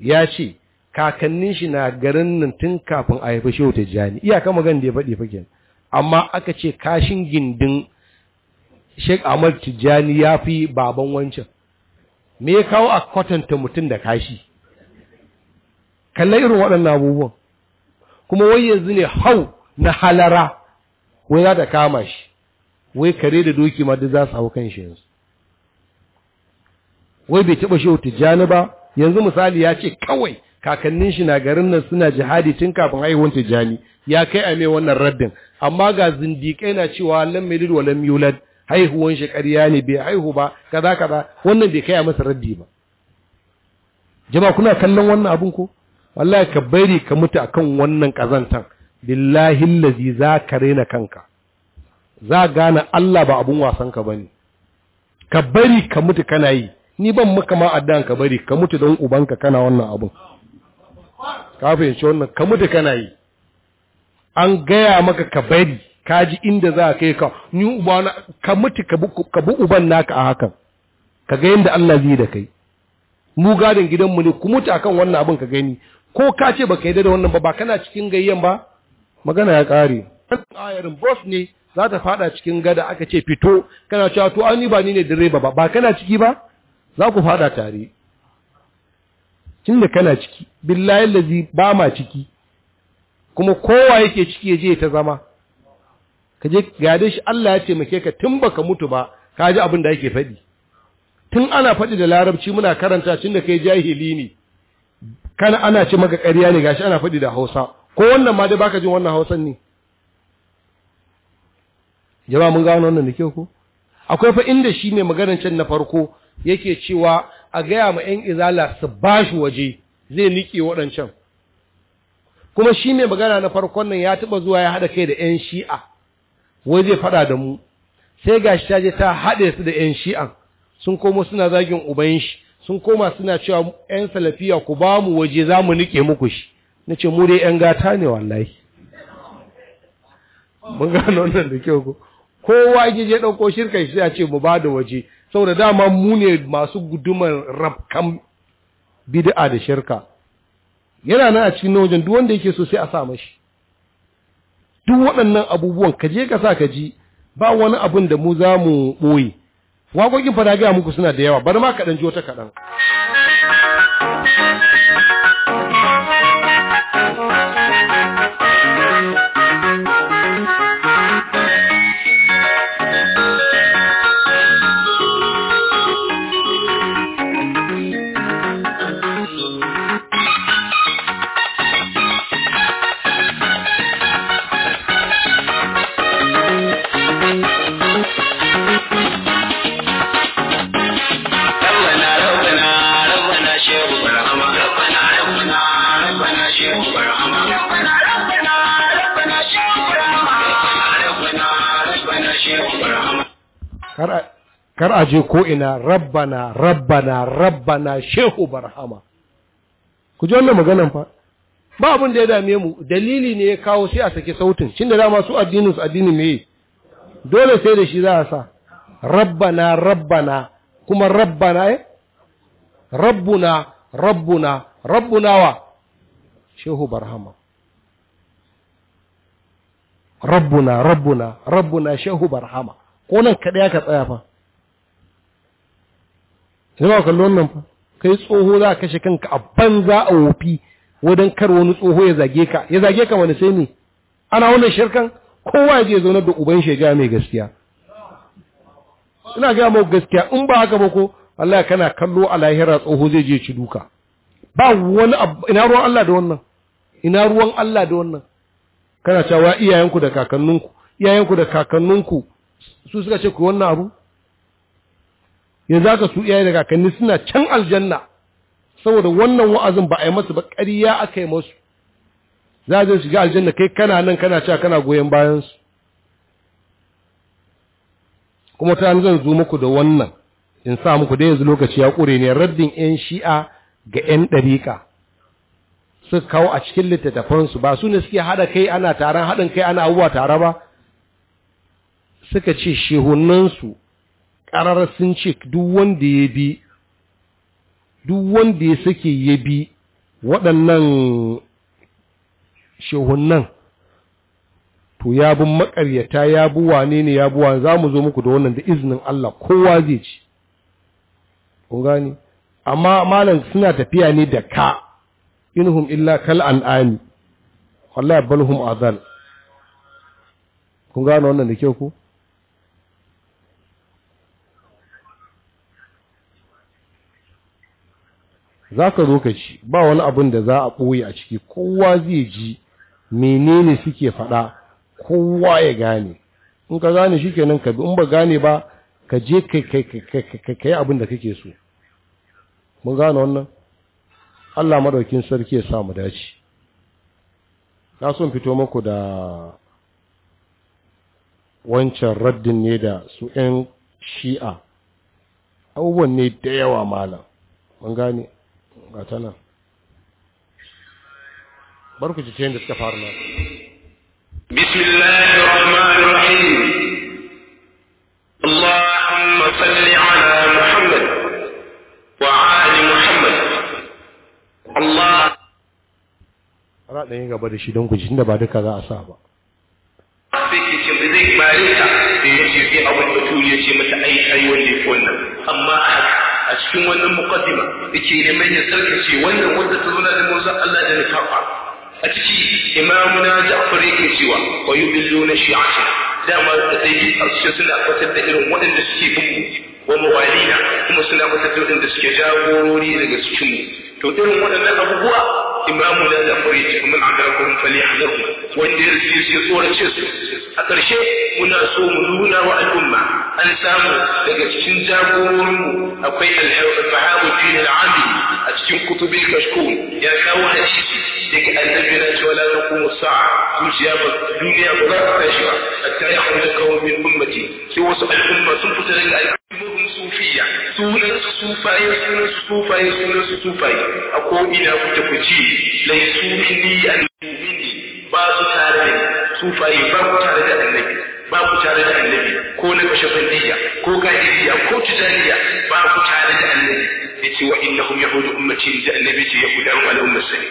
ya ce kakannin shi na garin nan tun kafin a haifi shehu tijjani iyaka maganin da ya faɗi fakin amma aka ce kashin gindin sheik ahmad tijjani ya fi baban wancan me ya kawo a kwatanta mutum da kashi kallai irin waɗannan abubuwan kuma wai yanzu ne hau na halara wai za ta kama shi wai kare da doki ma duk za su hau kan shi yanzu wai bai taɓa shehu jani ba yanzu misali ya ce kawai kakannin shi na garin nan suna jihadi tun kafin haihuwar tijjani ya kai a mai wannan raddin amma ga zindiƙai na cewa lam yalid wa lam yulad haihuwan shi ƙarya ne bai haihu ba kaza kaza wannan bai kai a masa raddi ba jama'a kuna kallon wannan abun ko wallahi ka bari ka mutu akan wannan kazantan billahi allazi za ka rena kanka za gane Allah ba abun wasan ka bane ka bari ka mutu kana yi ni ban maka ma addan ka bari ka mutu don ubanka kana wannan abun ka fahimci wannan ka mutu kana yi an gaya maka ka bari ka ji inda za ka yi ka ni ubana ka mutu ka bi uban naka a hakan ka ga yadda Allah zai da kai mu gadin gidanmu ne ku mutu akan wannan abin ka gani ko ka ce baka yi da wannan ba ba kana cikin gayyan ba magana ya ƙare. ayarin boss ne za ta fada cikin gada aka ce fito kana cewa to an ba ni ne direba ba ba kana ciki ba za ku fada tare tunda kana ciki billahi lazi ba ma ciki kuma kowa yake ciki je ta zama ka je da shi Allah ya taimake ka tun baka mutu ba ka abin da yake faɗi tun ana faɗi da larabci muna karanta tun da kai jahili ne kana ana ce maka ƙarya ne gashi ana faɗi da Hausa ko wannan ma dai baka jin wannan Hausan ne jama'a mun gano wannan da kyau ko akwai fa inda shi ne maganar can na farko yake cewa a gaya ma 'yan izala su ba shi waje zai niƙe waɗancan kuma shi ne magana na farkon nan ya taɓa zuwa ya haɗa kai da 'yan shi'a wai zai faɗa da mu sai ga shi ta je ta haɗe su da 'yan Shi'a, sun komo suna zagin uban shi sun koma suna cewa 'yan salafiya ku ba mu waje za mu niƙe muku shi na ce mu dai 'yan gata ne wallahi mun gano wannan da kyau ko kowa ya je ɗauko shirka sai a ce mu ba da waje saboda dama mu ne masu gudumar rafkan bid'a da shirka yana nan a cikin na wajen duk wanda yake so sai a sa mashi duk waɗannan abubuwan ka je ka sa ka ji ba wani abin da mu za mu ɓoye waƙoƙin fa na gaya muku suna da yawa bari ma kaɗan ji wata kaɗan kar a je ko ina rabbana rabbana rabbana shehu barhama ku ji wannan maganan fa ba abin da ya dame mu dalili ne ya kawo sai a saki sautin cin da dama su addinin su addini me dole sai da shi za a sa rabbana rabbana kuma rabbana eh rabbuna rabbuna rabbuna wa shehu barhama rabbuna rabbuna rabbuna shehu barhama ko nan kaɗai aka tsaya fa ba kallon wannan fa kai tsoho za ka kashe kanka a banza a wofi wadan kar wani tsoho ya zage ka ya zage ka wani sai ne ana wannan shirkan kowa ya je zaunar da uban shi ya mai gaskiya ina ga mu gaskiya in ba haka ba ko Allah kana kallo a lahira tsoho zai je ci duka ba wani ina ruwan Allah da wannan ina ruwan Allah da wannan kana cewa iyayenku da kakanninku iyayenku da kakanninku su suka ce ku wannan abu yanzu haka su iyaye da kakanni suna can aljanna saboda wannan wa'azin ba a yi masu ba ƙarya aka yi masu za a shiga aljanna kai kana nan kana cewa kana goyon bayansu kuma ta zan zo muku da wannan in sa muku da yanzu lokaci ya ƙure ne raddin 'yan shi'a ga 'yan ɗariƙa su kawo a cikin littattafansu ba su ne suke haɗa kai ana taron haɗin kai ana abubuwa tare ba suka ce shehunansu ƙarar sun ce duk wanda ya bi duk wanda ya sake ya bi waɗannan shehunan to ya bi maƙaryata ya bi wane ne ya bi wane za mu zo muku da wannan da izinin Allah kowa zai ci kun gani amma malam suna tafiya ne da ka inhum illa kal an'ami wallahi balhum azal kun gano wannan da kyau ko za ka zo ka ci ba wani abin da za a ɓoye a ciki kowa zai ji menene suke faɗa kowa ya gane in ka gane shi kenan ka bi in ba gane ba ka je ka yi abin da kake so mun gane wannan allah madaukin sarki ya sa mu dace na son fito muku da wancan raddin ne da su 'yan shi'a abubuwan ne da yawa malam mun gane ga ta ku ji ce yadda suka faru na bismillahir rahmanir rahim allahumma salli ala muhammad wa ali muhammad allah ra gaba da shi don ku ji tunda ba duka za a sa ba sai ke ce zai ta sai ya ce sai abin ce mata ai ai wanda ya fi wannan amma a a cikin wannan muqaddima yake neman ya sarkace wannan wanda ta zuna da Musa Allah da nufafa a ciki imamuna Ja'far yake cewa wa yubilluna shi'ati dama da sai bi a suna fatar da irin waɗanda suke bugu wa mawalina kuma suna fatar da waɗanda suke jagorori daga cikin mu to irin waɗannan abubuwa imamu da Ja'far yake kuma an da kun fali hadaru wanda ya rike tsorace su a ƙarshe muna so mu nuna wa al'umma an samu daga cikin jagororinmu akwai al-mahabu na al-ami a cikin kutubin kashkun ya kawo hadisi daga annabi na cewa la taqumu sa'a zuciya ba duniya ba za ta tashi ba A ya kuma kawo min ummati sai wasu al'umma sun fita daga ayyukan sufiya sunan sufaye sunan sufaye sunan sufaye a ko ina kuta ku ci laisu minni al-mu'mini ba su tare da sufaye ba ku tare da annabi ba ku tare da annabi ko na kashe fandiya ko gadiriya ko tijaniya ba ku tare da annabi yace wa innahum yahudu ummati da annabi ce yahudan al sani?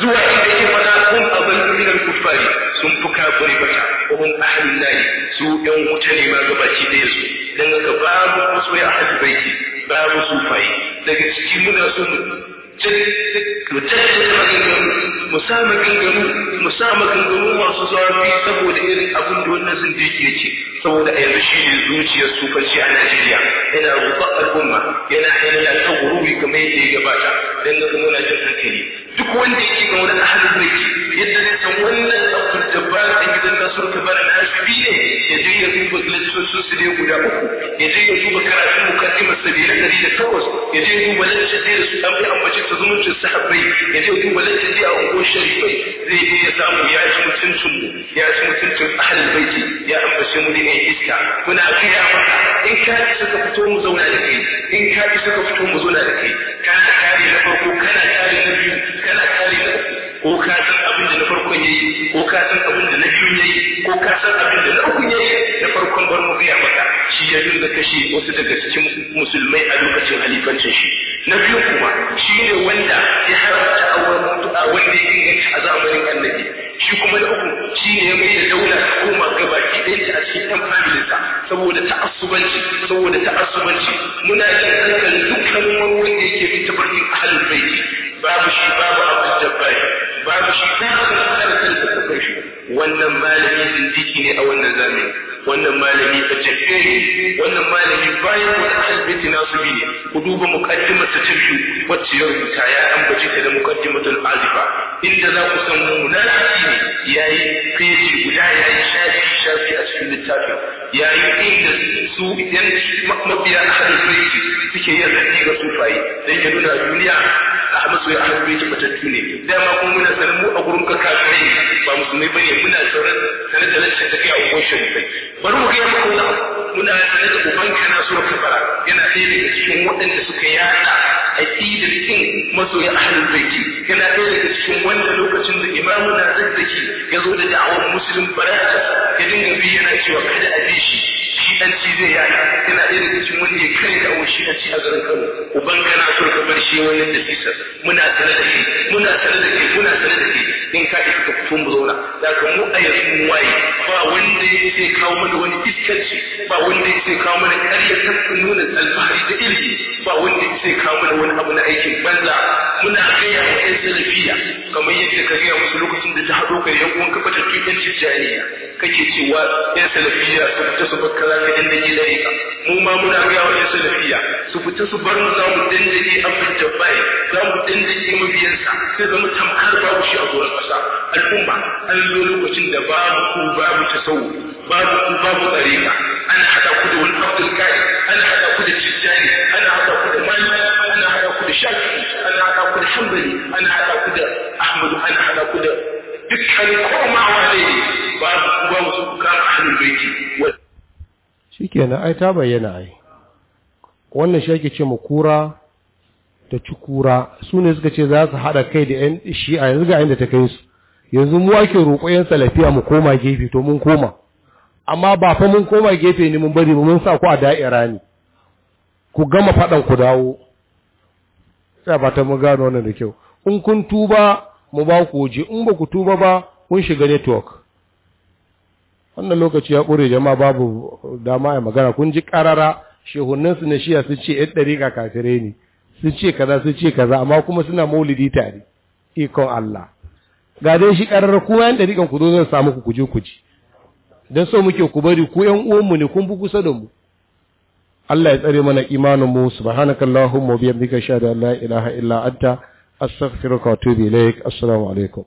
zuwa inda yake fada kun azallu min al kuffari sun fi kafiri bata ko hun ahlul lahi su yan wuta ne ma gabaci da yasu dan haka babu musu ya ahli baiti babu sufaye daga cikin muna mu mu tattara maganganu mu sa masu zafi saboda irin abin da wannan sun da yake ce saboda a yanzu shi ne zuciyar sufaci a Najeriya yana rufa al'umma yana ainihin ta gurubi kamar yadda ya gabata dan ga muna jin hankali duk wanda yake ga wani ahalin mulki yadda zai san wannan abdul jabbar da gidan nasur kabar al-ashbi ne ya je ya duba lectures su ne guda uku ya je ya duba karatun mukaddimar sa biyar dari da takwas ya je ya duba lectures da su an bi ambaci ta zumuncin sahabbai ya je ya duba lectures da a unguwar sharifai zai je ya samu ya ci mutuncin mu ya ci mutuncin ahlul baiti ya ambace mu ne iska kuna gaya maka in ka isa ka fito mu zauna da kai in ka isa ka fito mu zauna da kai kana kare na farko kana kare na biyu kana kare na uku ko ka san da na farkon yayi ko ka san abin da na biyu yayi ko ka san abin da na uku yayi da farkon bar mu gaya maka shi ya dinga kashe wasu daga cikin musulmai a lokacin halifancin shi na biyu kuma shi ne wanda ya haramta auren mutu'a wanda ya inganta a zamanin annabi shi kuma na uku shi ne ya mai da daula ta koma gaba ki a cikin ɗan familinsa saboda ta'assubanci saboda ta'assubanci muna jin hankalin dukkan wani wanda yake bin tafarkin ahalin baiti babu shi babu abdul jabbar babu shi babu da suka shi wannan malami zindiki ne a wannan zamani wannan malami ta tafiye ne eh, wannan malami bayan wani albiti nasu bi ne ku duba mukaddimar ta tafiyu wacce ya rubuta ya ambace ta da mukaddimatul azifa inda za ku san munafiki ne yi feji guda yi shafi shafi a cikin littafin yayi inda su yan mabiya ahlul baiti suke yin zaki ga sufaye dan ya nuna duniya masu sai ahlul baiti batattu ne dama kuma muna sanin mu a gurin ka ba musulmai ne? muna sanar da lantarki a wancan bai bari mu gaya muku muna da uban kana suratul bara yana ɗaya daga cikin waɗanda suka yada aqidar kin masoya ahlul baiti yana ɗaya daga cikin wanda lokacin da imamu na ya zo da da'awar muslim barata ya dinga bi yana cewa kada a bi shi shi dan ci zai yaya yana ɗaya daga cikin wanda ya kai da awon shi a ci a garin Kano uban kana so ka bar shi wannan da fisa muna tare da kai muna tare da kai muna tare da kai in ka isa ka fito mu zauna da ka mu a yanzu mu waye ba wanda ya ce kawo mana wani iskanci ba wanda ya ce kawo mana ƙarya ta nuna alfahari da ilimi ba wanda ya ce kawo mana wani abu na aikin banza muna gaya wa ƴan salafiya kamar yadda ka gaya musu lokacin da ta haɗo kai yan ka kafa ta tutan tijjaniya kake cewa ƴan salafiya su fita su bar kaza ka inda ke dare ka mu ma muna ga wa yan salafiya su fita su bar mu za mu dindige abin jabbai za mu dindige mabiyansa sai zama tamkar babu shi a gurin ƙasa al'umma an zo lokacin da babu ku babu tasawu babu ku babu tsareka an haɗa ku da wani abdul kai an haɗa ku da tijjani an haɗa ku da mali an haɗa ku da shafi an haɗa ku da hanbali an haɗa ku da ahmadu an haɗa ku da dukkan komawa ne babu ku babu su kama ahlul baiti shikenan ai ta bayyana ai wannan shi ake ce mu kura da cukura su ne suka ce za su haɗa kai da 'yan a yanzu ga inda ta kai su yanzu mu ake roƙo 'yan salafiya mu koma gefe to mun koma amma ba fa mun koma gefe ne mun bari ba mun sa ku a da'ira ne ku gama faɗan ku dawo sai ba ta mu gano wannan da kyau in kun tuba mu ba ku je in ba ku tuba ba kun shiga network wannan lokaci ya ƙure jama'a babu dama ya magana kun ji ƙarara shehunan su na shiya sun ce yan ɗariƙa kafire ne sun ce kaza sun ce kaza amma kuma suna maulidi tare ikon Allah ga dai shi ƙarara ko yan ɗariƙan ku zo zan samu ku kuje ji dan so muke ku bari ku yan uwanmu ne kun bi kusa da mu Allah ya tsare mana imanin mu subhanakallahumma wa bihamdika ashhadu an la ilaha illa anta astaghfiruka wa atubu ilaik assalamu alaikum